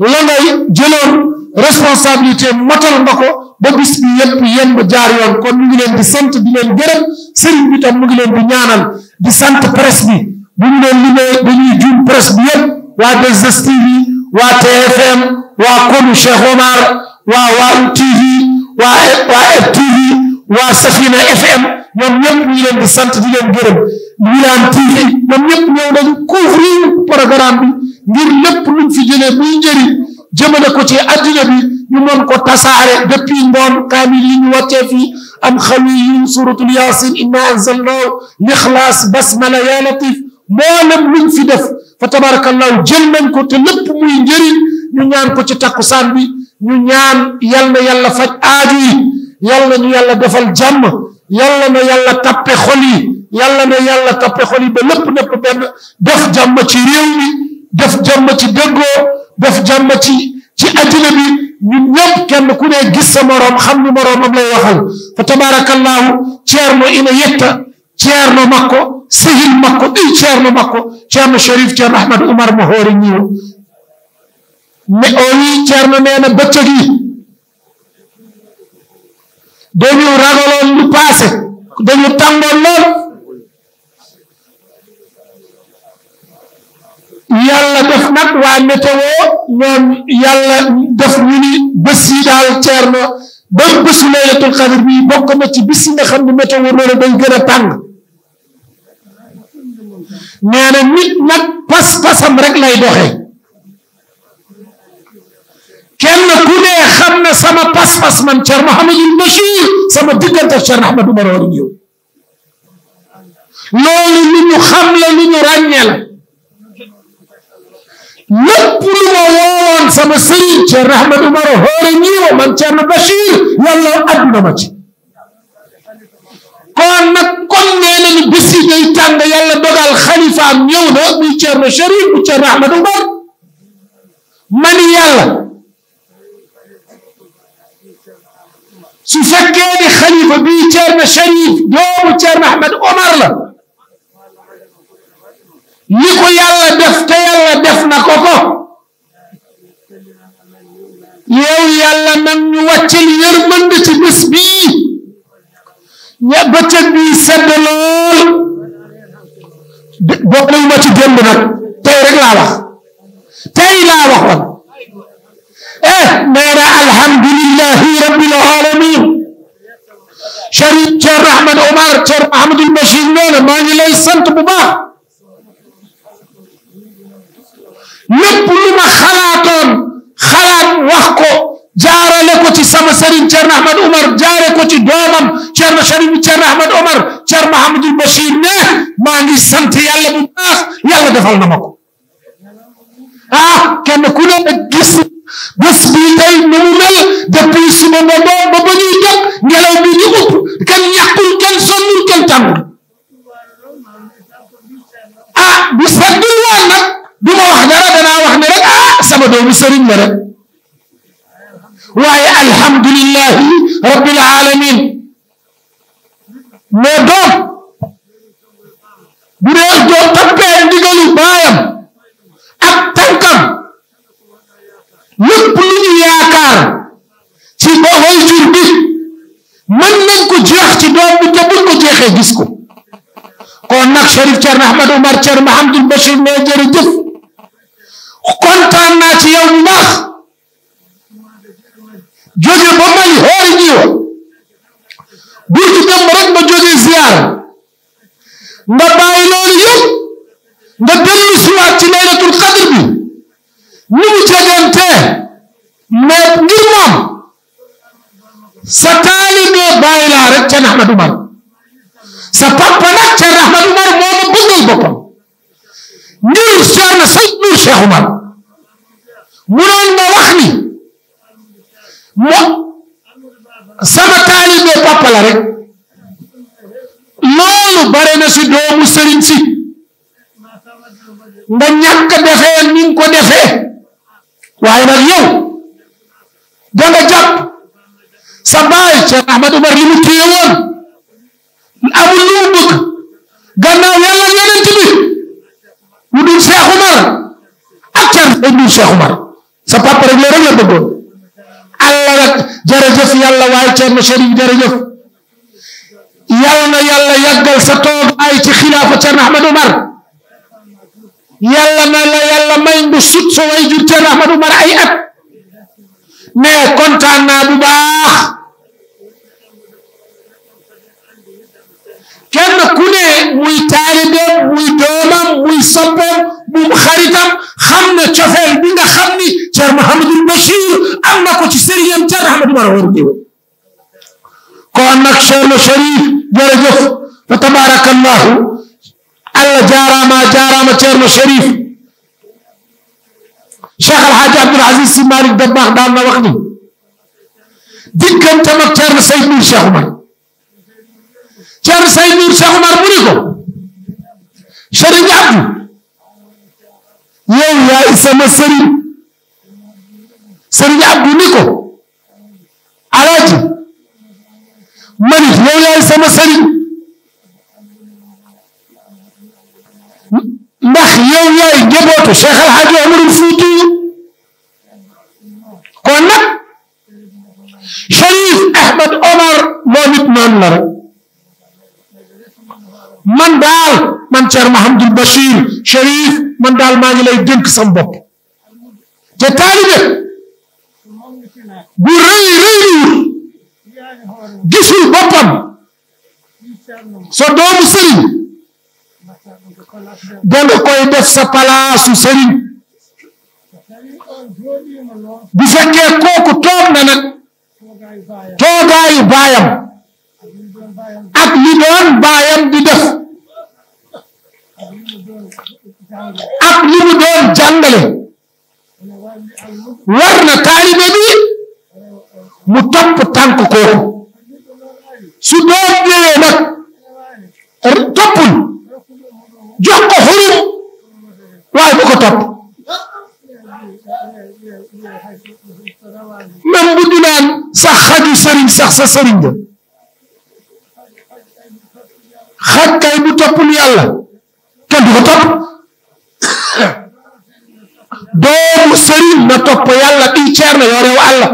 la ngay jëloon responsabilité matal nga ko ba bis bi yëpp yemb jaar yoon kon ñu ngi di sant di leen gërëm sëriñ bi tam mu ngi leen di ñaanal di sant presse bi bu ñu leen limee dañuy juum presse bi yëpp waa 2STV waa TFM waa konu Cheikh Omar waa waa UTV e, waa waa e FTV waa Safina FM ñoom ñëpp ñu leen di sant di leen gërëm Wilane TV ñoom ñëpp ñëw nañu couvrir programme bi ngir lépp luñ fi jëlee muy njëriñ jëmale ko ci addina bi ñu mën ko tasaare depuis ngoon kaamil yi ñu wàccee fii am xalu yi suratul yaasin inna anzalnaahu lixlaas basmala yaa latif mboolem luñ fi def fa tabarakallahu jël nañ ko te lépp muy njëriñ ñu ñaan ko ci takkusaan bi ñu ñaan yal na yàlla faj aaju yi yal na ñu yàlla defal jàmm yàlla na yàlla tappe xol yi yàlla na yàlla tappe xol yi ba lépp nekk benn def jàmm ci réew mi def ci déggoo def jàmm ci ci àddina bi ñun ñëpp kenn ku ne gis sa moroom xam ni moroomam lay waxal fa tabarakallahu ceerno ina yetta ceerno makko sehil makko ɗi ceerno makko ceerno sharif ceerno ahmad oumar mo hoore ñiwo ne dañu ragaloon lu paase dañu tàngoon lool yàlla def nag waa météo ñoom yàlla def ñu ni bés yi daal Ceerno ba bésu laylatul xadr bi bokk na ci bi yi nga xam ne météo loolu day gën a tàng nee na nit nag pas-pasam rek lay doxee كن كن خن سما بس بس من شر محمد المشي سما دكان تشر محمد عمر وريو لو لينو خم لينو رانيل لبول وان سما سري شر محمد عمر وريو من شر بشير يلا أدنى ماشي كان كن ميل بسي جيتان يلا بدل الخليفة نيو نو من شر شريف من شر محمد عمر من يلا سفكيني خليفة بي ترم شريف دوم ترم أحمد عمر لا نيكو يالا دفت يالا دفنا كوكو يو يالا من يوتل يرمن تبس بي يبتك بي سدلول بقل ما تدمنا تيرك لا Ahmad Umar li mu téye woon amul lu mu bëgg gannaaw yàlla yonent bi mu dul Cheikh Umar ak car day dul Cheikh Umar sa papa rek la rek la bëggoon Allah rek jërëjëf yàlla waaye Thierno Chérif jërëjëf yal na yàlla yàggal sa toog ay ci xilaafa Thierno Ahmad Umar yàlla na la yàlla may ngu sut sa way jur Thierno Ahmad Umar ay at mais kontaan naa bu baax kenn ku ne muy taalibeem muy doomam muy soppeem mum xaritam xam na cofeel bi nga xam ni Cheikh Mouhamadul Bachir am na ko ci sëriñam Cheikh Ahmadou Bara War Diop kon nag Cheikhna Cherif jërëjëf fa tabarakallahu Allah jaaraama jaaraama Cheikhna Cherif Cheikh Alhaji Abdoul Aziz Si Malick Dabakh daan na wax ni dikkantam ak Cheikhna Seydou Cheikh Oumar Thierno Seydou Nour Cheikh Omar mu ni ko Serigne Abdou yow yaay sama sëriñ Serigne Abdou ni ko alaaji man yow yaay sama sëriñ ndax yow yaay njabootu Cheikh El Hadj Omarul Fouti kon nag Cherif Ahmed Omar moom it noonu la rek. man daal man Thierno Mouhamadul Bachir Chérif man daal maa ngi lay dénk sam bopp te taalibe bu rëy rëyul gisul boppam sa doomu sëriñ danga koy def sa palaasu sëriñ bu fekkee kooku toog na nag toogaayu baayam ak li doon baayam di def ak li mu doon jàngale war na taalibe bi mu topp tànk kooku su doon ñëwee nag er, toppul jox ko xurum waaye bu ko topp même bu ñu naan xaju sëriñ sax sa sëriñ ba xaj kay bu toppul yàlla kenn du ko topp doomu na topp yàlla di ceer na yoo reew àlla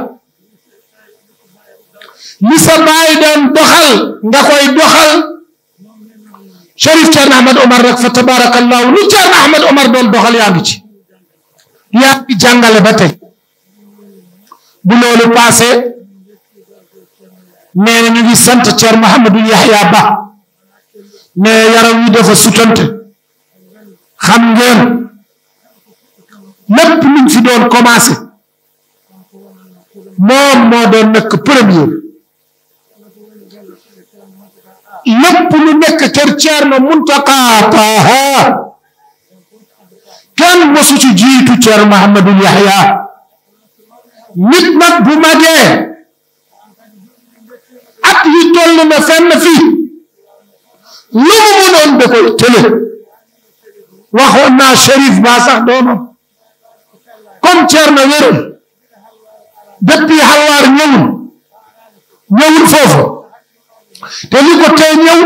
ni sa bàyyi doon doxal nga koy doxal Cherif Thierno Ahmed Omar rek fa tabarakallahu lu Thierno Ahmed Omar doon doxal yaa ngi ci yaa ngi jàngale ba bu loolu passé nee na ñu ngi sant Thierno Mouhamadou Yahya Ba ne yaram wi dafa sutante xam ngeen lépp luñ doon commencé moom moo doon nekk premier lépp lu nekk kër Ceerno Muntaka Taaha kenn mosu ci jiitu Ceerno Muhammadul Yahya nit nag bu magee at yi toll na fenn fii lu mu mënoon da koy naa Chérif ba sax doomam comme Thierno wérul depuis xawaar ñëwul ñëwul foofu te li ko tee ñëw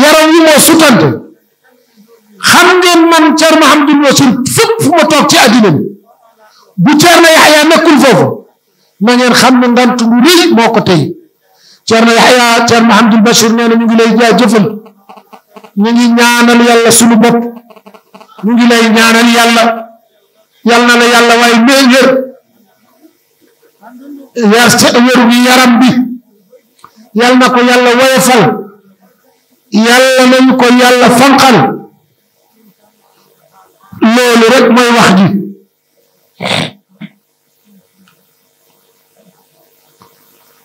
yaram yi moo sutante xam ngeen man Thierno Mahamadou Bachir fépp fu ma toog ci àddina bi bu Thierno Yahya nekkul foofu na ngeen xam ne ngant lu rëy moo ko tey Thierno Yahya Thierno Mahamadou Bachir nee na ñu ngi lay jaajëfal ñu ngi ñaanal yàlla sunu bopp ñaanal yàlla yal na la yàlla waaye mee wér yar sa wér gi fanqal loolu rek mooy wax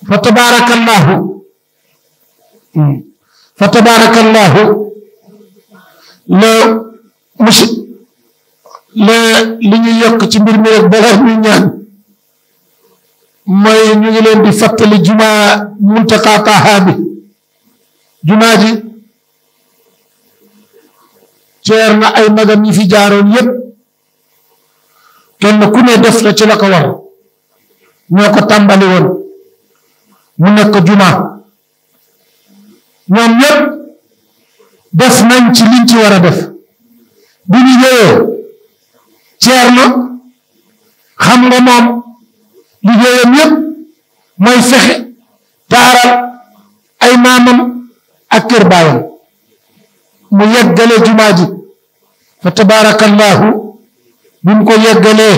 fa tabarakallahu hmm. fa la monsieur la li ñu yokk ci mbir mi rek balaa ñuy ñaan mooy ñu ngi leen di fàttali jumaa muntaka taaha bi jumaa ji ceer na ay magam ñi fi jaaroon yépp kenn ku ne def la ci la ko war ñoo mu nekk jumaa ñoom ñépp def nañ ci liñ ci war a def bu ñu yeyoo Ceerno xam nga moom liggéeyam yëpp mooy fexe taaral ay maamam ak kër baayam mu yeggale jumaa fa tabarakallahu bi mu ko yeggalee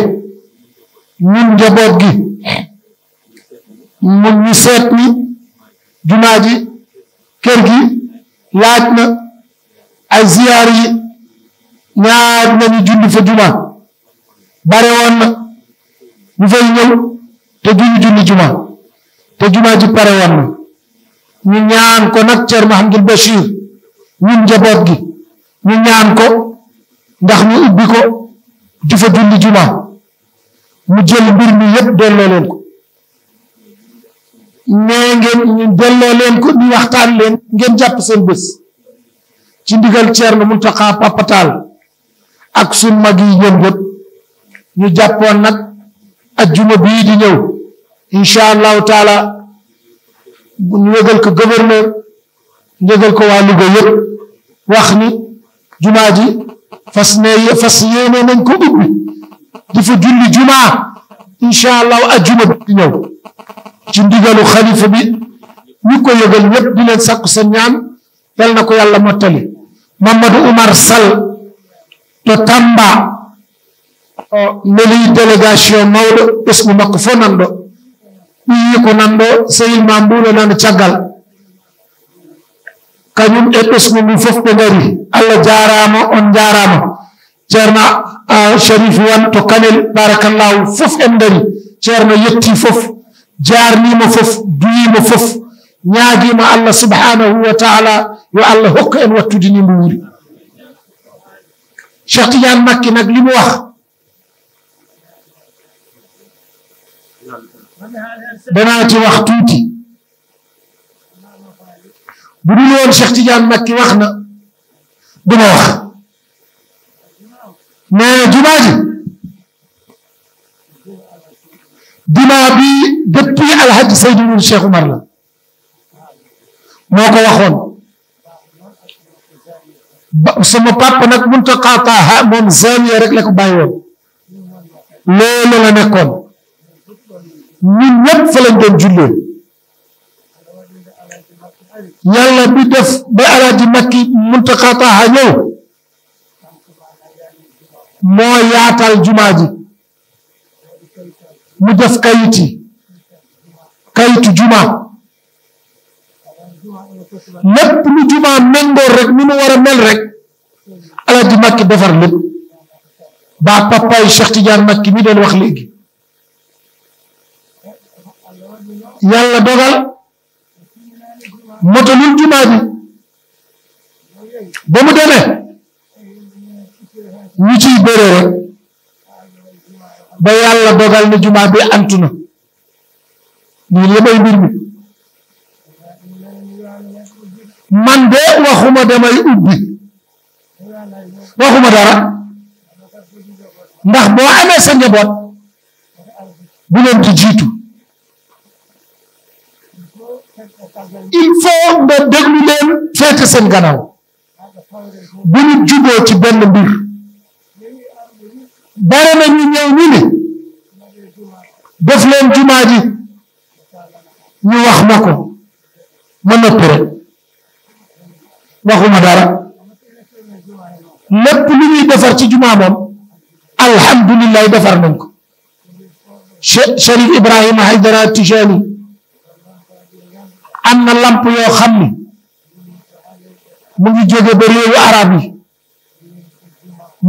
ñun njaboot gi mu ñu seet ni jumaa ji kër gi laaj na ay ziyaar yi ñaar nañu julli fa juma bare woon na ñu fay ñëw julli julli juma te juma ji pare woon na ñu ñaan ko nag Thierno Mahamadou Bachir ñun njaboot gi ñu ñaan ko ndax ñu ubbi ko di fa julli juma mu jël mbir mi yépp delloo ko nee ngeen leen ngeen jàpp seen bés ci ndigal Thierno Mountakha Papatal ak suñ mag yi ñoom ñëpp ñu jàppoon nag ajjuma bii di ñëw incha allahu taala ñu yëgal ko gouverneur ñu yëgal ko waa Louga yëpp wax ni jumaa ji fas ne fas yéene nañ ko ubbi di fa julli jumaa incha allahu ajjuma bii ñëw ci ndigalu xalifa bi ñu ko yëgal ñëpp di leen sakku sa ñaan yal na ko yàlla mottali Mamadou Oumar Sall to Tamba meli délégation mawɗo ɓesgu makko fof nanɗo ɓiyi ko nanɗo sehil ma mbuɗo nanɗo caggal kañum e ɓesgu ndu fof ɓe ngari allah jarama on jarama ceerno sharif wan to kanel barakallahu fof en ngari ceerno yetti fof jarnima fof duyima fof نياغي ما الله سبحانه وتعالى يو الله هكا ان واتدني مول شقيان مكي نك لي موخ دانا تي واخ توتي بودي لون شيخ تيان مكي واخنا بما واخ ما جوباجي دماغي بي دبي على هاد سيدنا الشيخ عمر الله moo ko waxoon sama papa nag Muntaqa Taha moom zawiya rek la ko bàyyi woon la nekkoon ñun ñëpp fa lañ doon jullee yàlla bi def ba alaaji makki Muntaqa Taha ñëw moo yaatal jumaa ji mu def kayiti kayitu jumaa lépp lu jumaa méngóor rek ni mu war mel rek Alaaji Màkki defar lépp baa papaay Cheikh Tidiane Màkki mi doon wax léegi yàlla dogal moto lul jumaa bi ba mu demee ñu ciy ba yàlla dogal ne jumaa bi antu nii la may mbir mi man de waxuma damay ubbi waxuma dara ndax boo amee sa njaboot bu leen di jiitu il faut nga déglu leen féete seen gannaaw bu ñu juboo ci benn mbir bare na ñu ñëw ñu ne def leen jumaa ji wax ma ko ma noppi waxuma dara lépp lu ñuy defar ci jumaa moom alhamdulilah defar nañ ko Cherif Ibrahima Haydara Tijani am na lamp yoo xam mu ngi jóge ba réewu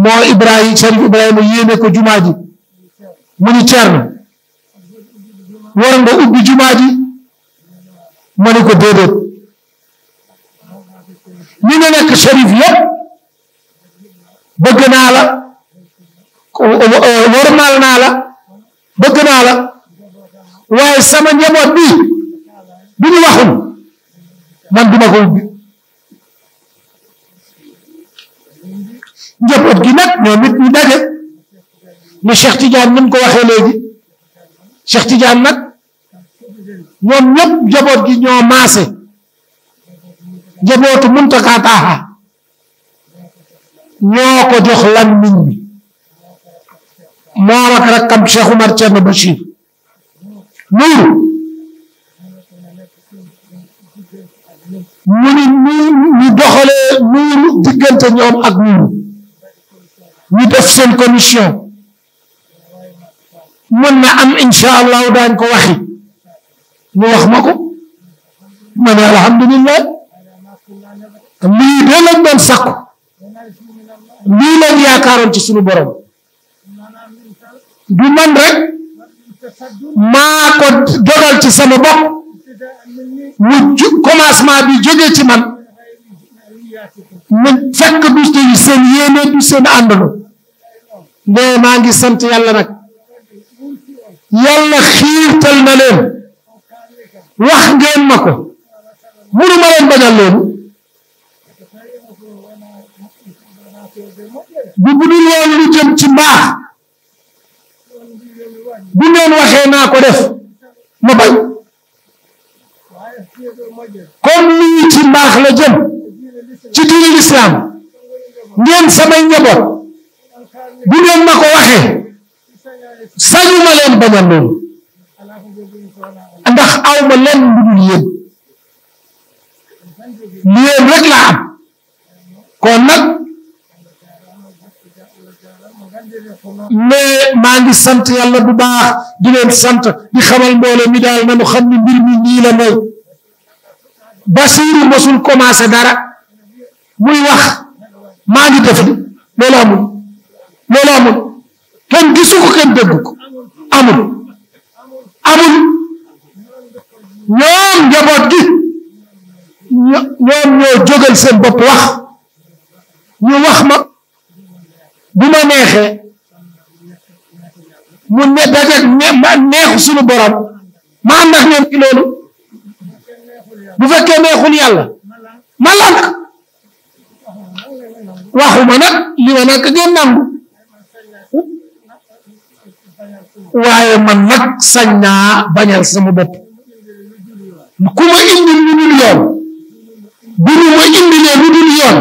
moo Ibrahima Cherif Ibrahima yéene ko jumaa mu ni Ceerno war nga ubbi jumaa ma ni ko déedéet ñi ne nekk sharif yëpp bëgg naa la warmal naa la bëgg naa waaye sama njaboot bi bi ñu waxul man duma ko ubbi njaboot gi nag ñoom it ñu daje ni Cheikh Tidiane ni mu ko nag ñoom ñëpp njaboot gi ñoo maase جبوت منطقة تاها نوكو جوخ لن مني مارك رقم شيخ عمر چن بشير نور ني ني ني دخل ني ديغنت نيوم اك نور ني داف سين كوميسيون من ام ان شاء الله دان كو واخي ني واخ مكو من الحمد لله lii de lañ doon sàkku lii lañ yaakaaroon ci sunu borom du man rek maa dogal ci sama bopp mu commencement bi jóge ci man mu fekk du seen yéene seen àndandoo mais maa ngi sant yàlla nag yàlla xiirtal na leen wax ngeen ma ko mënu ma leen bañal loolu bu budul woon lu ci mbaax bu neen waxee naa ko def ma bañ comme lii ci mbaax la jëm ci diine lislaam ngeen samay njaboot bu neen ma ko waxee sañu leen bañ a noonu aw ma leen lu dul yéen li rek laa am kon nag mais maa ngi sant yàlla bu baax di leen sant di xamal mbooloo mi daal nanu xam ni mbir mi nii la mel Basiru mosul commencé dara muy wax maa ngi def amul loolu amul kenn gisu ko kenn déggu amul amul ñoom njaboot gi ñoom ñoo jógal seen bopp wax ñu wax ma bu ma neexee mu ne borom ma ànd ak ci loolu bu fekkee neexul yàlla ma lànk waxuma nag li ma nekk ngeen nangu waaye man nag sañ bañal sama bopp ku ma indil lu dul yoon bu ma indilee lu dul yoon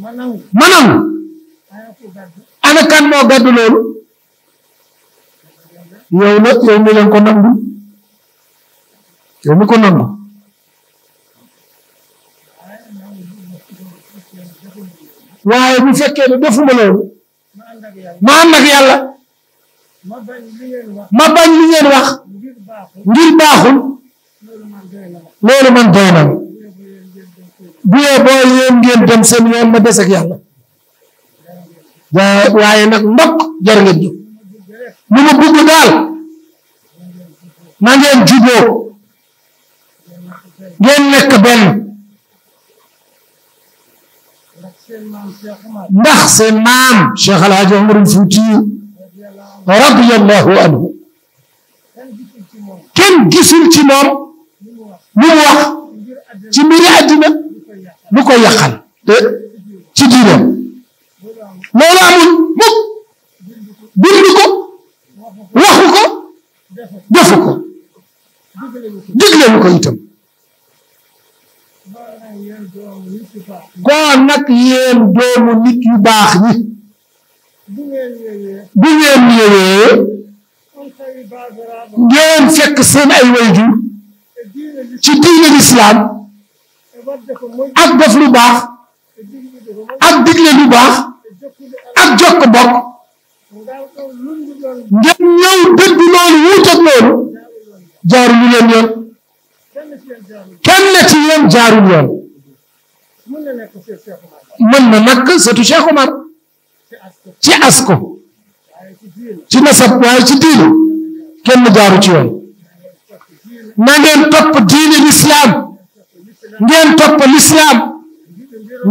ma nangu ana kan moo gàddu loolu yow la yow mi waaye bu fekkee ne loolu ma ànd ak ma bañ li ngeen baaxul loolu man doy bu yeboo yéen ngeen dem seen yoon ma des ak yàlla waaye nag ndokk jar ngeen jóg lu mu bëgg daal na ngeen juboo ngeen nekk benn ndax seen maam Cheikh El Hadj Omarul Fouti radiyallahu anhu kenn gisul ci moom mu wax ci mbiri àddina lu ko yàqal te ci diiroom loolu amul mukk ko waxu ko defu ko diglewu ko itam kon nag yéen doomu nit yu baax ñi bu ngeen ñëwee ngeen fekk seen ay wayjur ci diine lislaam ak def lu baax ak digle lu baax ak jokk bokk ngeen ñëw dëgg loolu wuuteeg loolu jaaru lu leen yoon kenn ci yéen jaarul yoon mën na nag sëtu Cheikh Omar ci asko ci nasab waaye ci diine kenn jaaru ci yoon na ngeen topp diine l'islam ngeen topp lislaam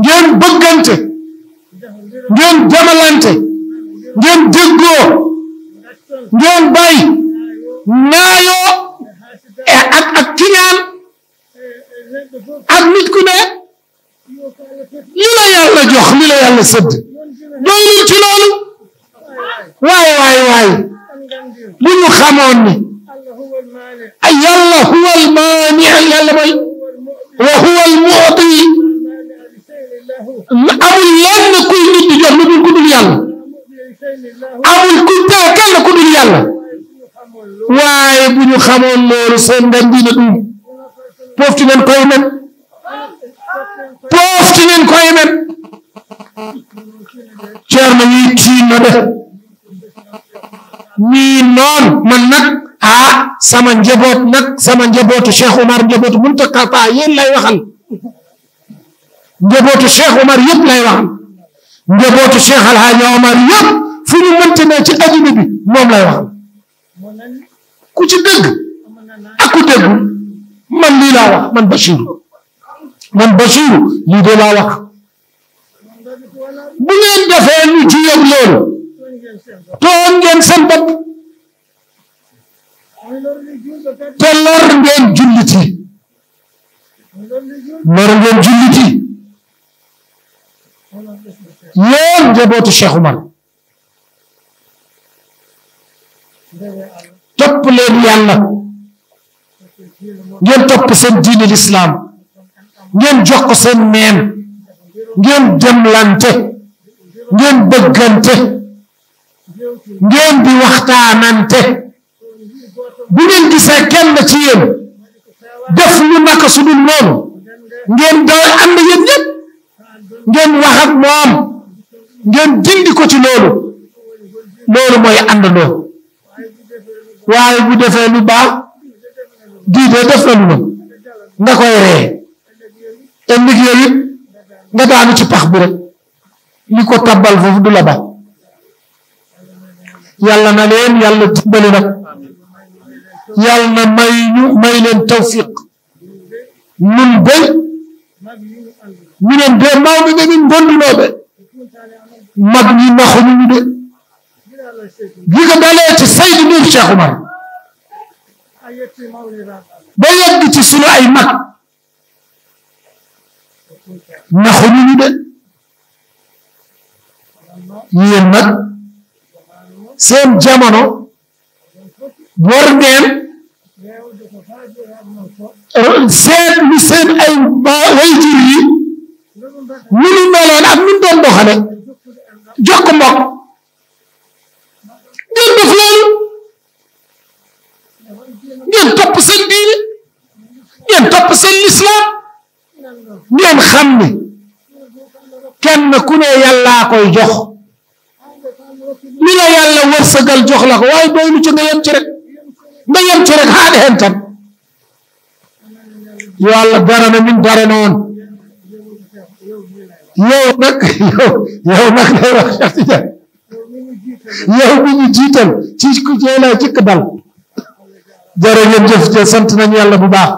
ngeen bëggante ngeen demalante ngeen déggoo ngeen bay naayoo e ak ak ak nit ku ne li la jox li la yàlla sëdd doylul ci loolu waay waay waay bu ñu xamoon ni ay yàlla huwal maani yàlla mooy wa huwa al mu'ti amul lenn kuy nit di jox lu dul ku yàlla amul ku tee kenn ku dul yàlla waaye bu ñu xamoon loolu seen ndam dina dum poofti nañ koy men poofti nañ koy men ceerno yi ci na de ñii noon man nag ah sama njaboot nag sama njabootu Cheikh Omar njabootu Muntaqa yéen lay waxal njabootu Cheikh Omar yëpp lay waxal njabootu Cheikh El Hadj Omar yëpp fu ñu mënti ne ci àddina bi moom lay waxal ku ci dëgg ak ku dëgg man lii laa wax man Bachir man Bachir lii de laa wax bu ngeen defee lu ci yëg loolu tooñ ngeen seen te lor ngeen julliti lor ngeen julliti yéen njabootu Cheikh Oumar topp leen yàlla ngeen topp seen diine lislaam ngeen jox seen meen ngeen demlante ngeen bëggante ngeen di waxtaanante bu ngeen gisee kenn ci yéen def lu naka su dul ngeen daw ànd yéen ñëpp ngeen wax ak moom ngeen dindi ko ci loolu loolu mooy àndandoo waaye bu defee lu baax diite def na lu nga koy ree te ndig yooyu nga daanu ci pax bi rek li ko tabbal foofu du la ba yàlla na leen yàlla yàlla na may ñu may leen tawfiq nun dey minen de mawɓe ɓe min gondunoɓe mag ñi nahonuñu de jigandaleete saydi ndum cheikh oumar ɓe ay mag nahonuñu de yien seen jamono bordeem seet lu seen ay wayjur yi nu nu meloon ak nu doon doxale jokk mbokk ngeen def loolu ngeen topp seen diine ngeen topp seen lislaam ngeen xam kenn ku ne yàllaa koy jox li la yàlla wërsëgal jox la ko waaye doy lu ci nga yem nde yontere haaɗe hen tan yo allah min darana on yow nag yow yow nag ne wax Cheikh ci ku jeelaa jikk dal jërë ngeen jëf te sant nañu yàlla bu baax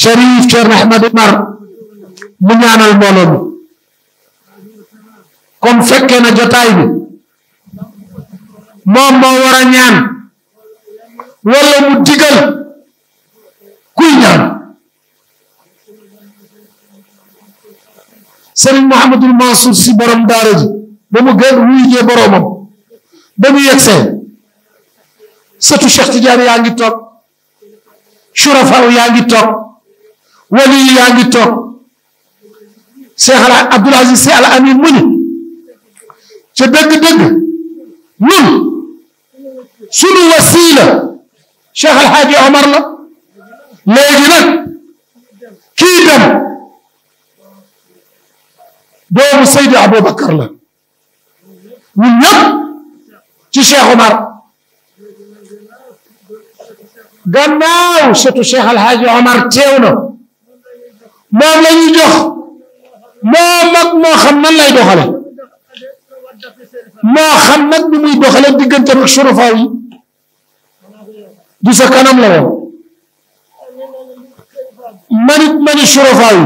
Cherif Thierno Ahmed Oumar mu ñaanal mbooloo mi comme na jotaay bi moom moo war ñaan wala mu digal kuy ñaan sëriñ Mouhamadul Mansour si borom daara ji ba mu gën wuy jee boromam ba mu yegsee sëtu Cheikh Tidiane yaa ngi toog surafaaw yaa ngi toog wali yaa ngi toog Cheikh Al Abdoul Aziz ca dëgg-dëgg ñun wasiila شيخ الحاج عمر لا موجودك كيدم دوم السيد ابو بكر له من شيخ عمر قناو ستو شيخ الحاج عمر تيونو ما لا يجوخ ما مك ما خمن لا يدخله ما خمن بمي دخله ديغنت رك شرفاوي du sa kanam la woon manit mani surafaa yi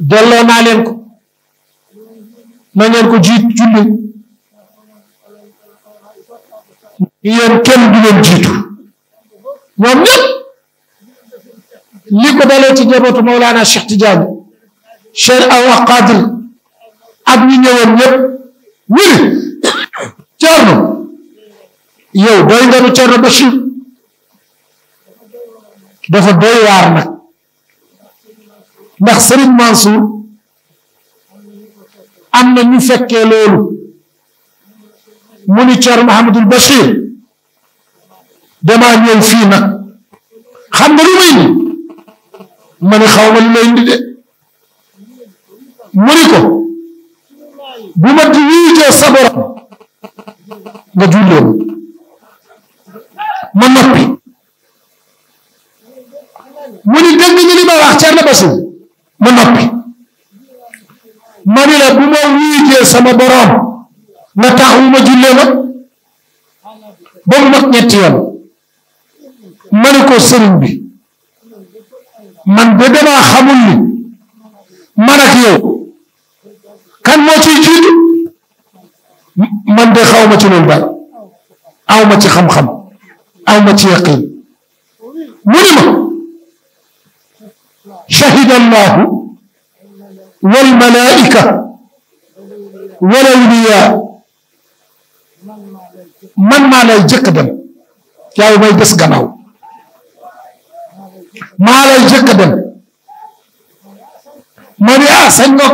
delloo naa leen ko na ngeen ko jiit julli yéen kenn du leen jiitu ñoom ñëpp li ko dalee ci njabootu Mawlana Cheikh Tidiane Cheikh Awa Qadir ak ñi ñëwoon ñëpp wéri Cerno yow doy nga nu Cerno Bachir dafa doy waar nag ndax Serigne Mansour am na ñu fekkee loolu mu ni Thierno Mouhamadul Bachir damaa ñëw fii nag xam nga lu ma ni xaw ma mu ni ko bu ma di wiitee sa borom nga jullee ma noppi mu ni dégg ñu li ma wax Thierno mu noppi ma ni la bu ma wuyutee sama boroom na taxawu ma jullee ma ñetti yoon ma ni ko sëriñ bi man de damaa xamul ni man ak kan moo ciy man de xaw ma ci loolu daal aw ma ci xam-xam aw ma ci yaqin mu ni ma شهد الله والملائكة والأولياء من ما لا يجقدم يا أبي بس جناو ما لا يجقدم من يأسنك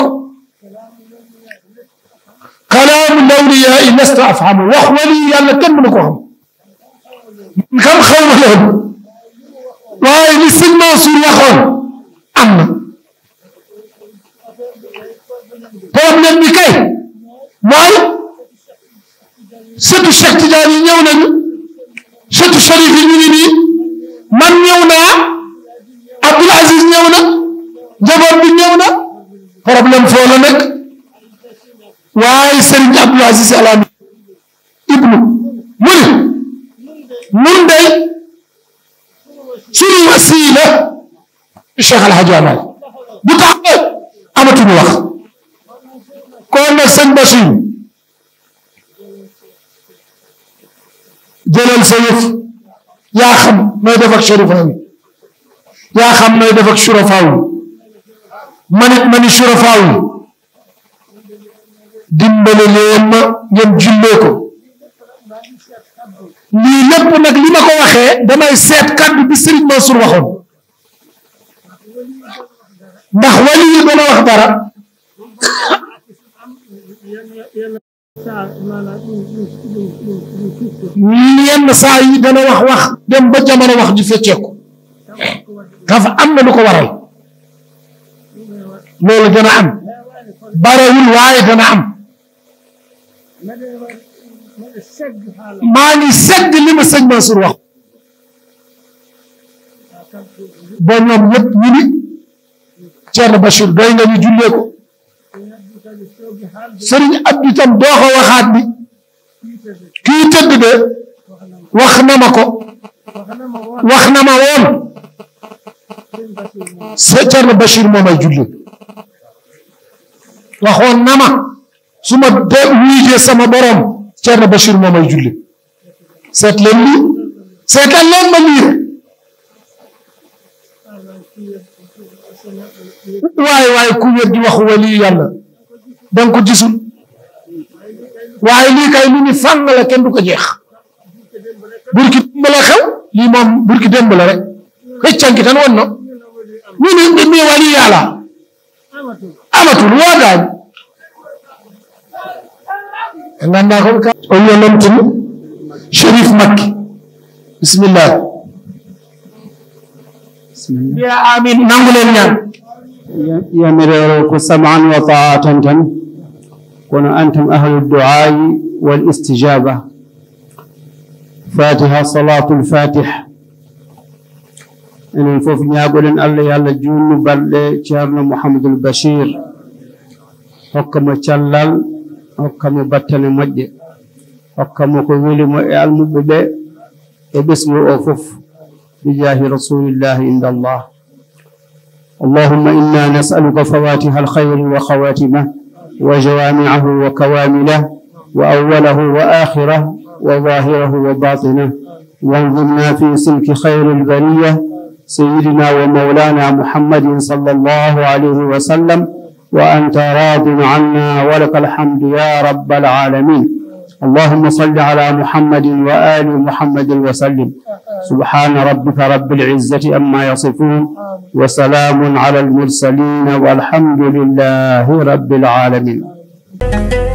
كلام الأولياء الناس تفهمه وخولي يلا تمنكم كم خوف لهم وايل سلم وصول يا خوف am na problème bi kay mooy sëtu Cheikh Tidiane yi ñëw nañu sëtu Chérif yi ñu ngi nii man ñëw naa Abdoul Aziz ñëw na njaboot bi ñëw na problème foo la nekk waaye Serigne Abdoul Aziz Al Amine ibnu mu ni Cheikh El Hadj Amath bu taxawee amatuñu wax kon nag sëñ Bachir jëlal sa yëf yaa xam nooy def ak shurafaaw yaa xam nooy def ak shurafaaw manit mani shurafaaw dimbale leen ma ngeen jullee ko lii lépp nag li ma ko waxee damay seet kàddu bi Serigne Mansour waxoon. ndax wali yi dana wax dara yenn saa yi dana wax wax dem ba jamono wax ji fecceeku dafa am na lu ko waral loolu dana am barewul waaye dana am maa ngi segg li ma sëñ Mansour wax ba ñoom ñëpp ñu ni Thierno Bachir doy nga ñu jullee ko tam doo waxaat bi kii tëgg de wax na ko wax na ma woon Serigne Thierno Bachir moo may jullee waxoon na ma su sama borom Thierno Bachir moo may jullee seet leen lii seetal ma lii waaye waaye ku wér di wax wali yàlla danga waaye lii kay lu ñu fàng kenn du ko jeex burki démb la xew lii moom burki démb la rek xëccanki tan wonno ñu ne ñu ne wali amatul waa daañ ngandaa kon ka o yonantin Chérif Makki bismillah يا امين نانغولين يا يا انتم اهل الدعاء والاستجابه فاتها صلاه الفاتح ان الفوف نياغولين الله يالا جون بالد تشارنا محمد البشير حكم تشلال حكم باتن مجد حكم كو ويلي مو المبوبه بسم الله بجاه رسول الله عند الله اللهم إنا نسألك فواتح الخير وخواتمه وجوامعه وكوامله وأوله وآخره وظاهره وباطنه وانظرنا في سلك خير البرية سيدنا ومولانا محمد صلى الله عليه وسلم وأنت راض عنا ولك الحمد يا رب العالمين اللهم صل على محمد وآل محمد وسلم آه. سبحان ربك رب العزة أما يصفون وسلام على المرسلين والحمد لله رب العالمين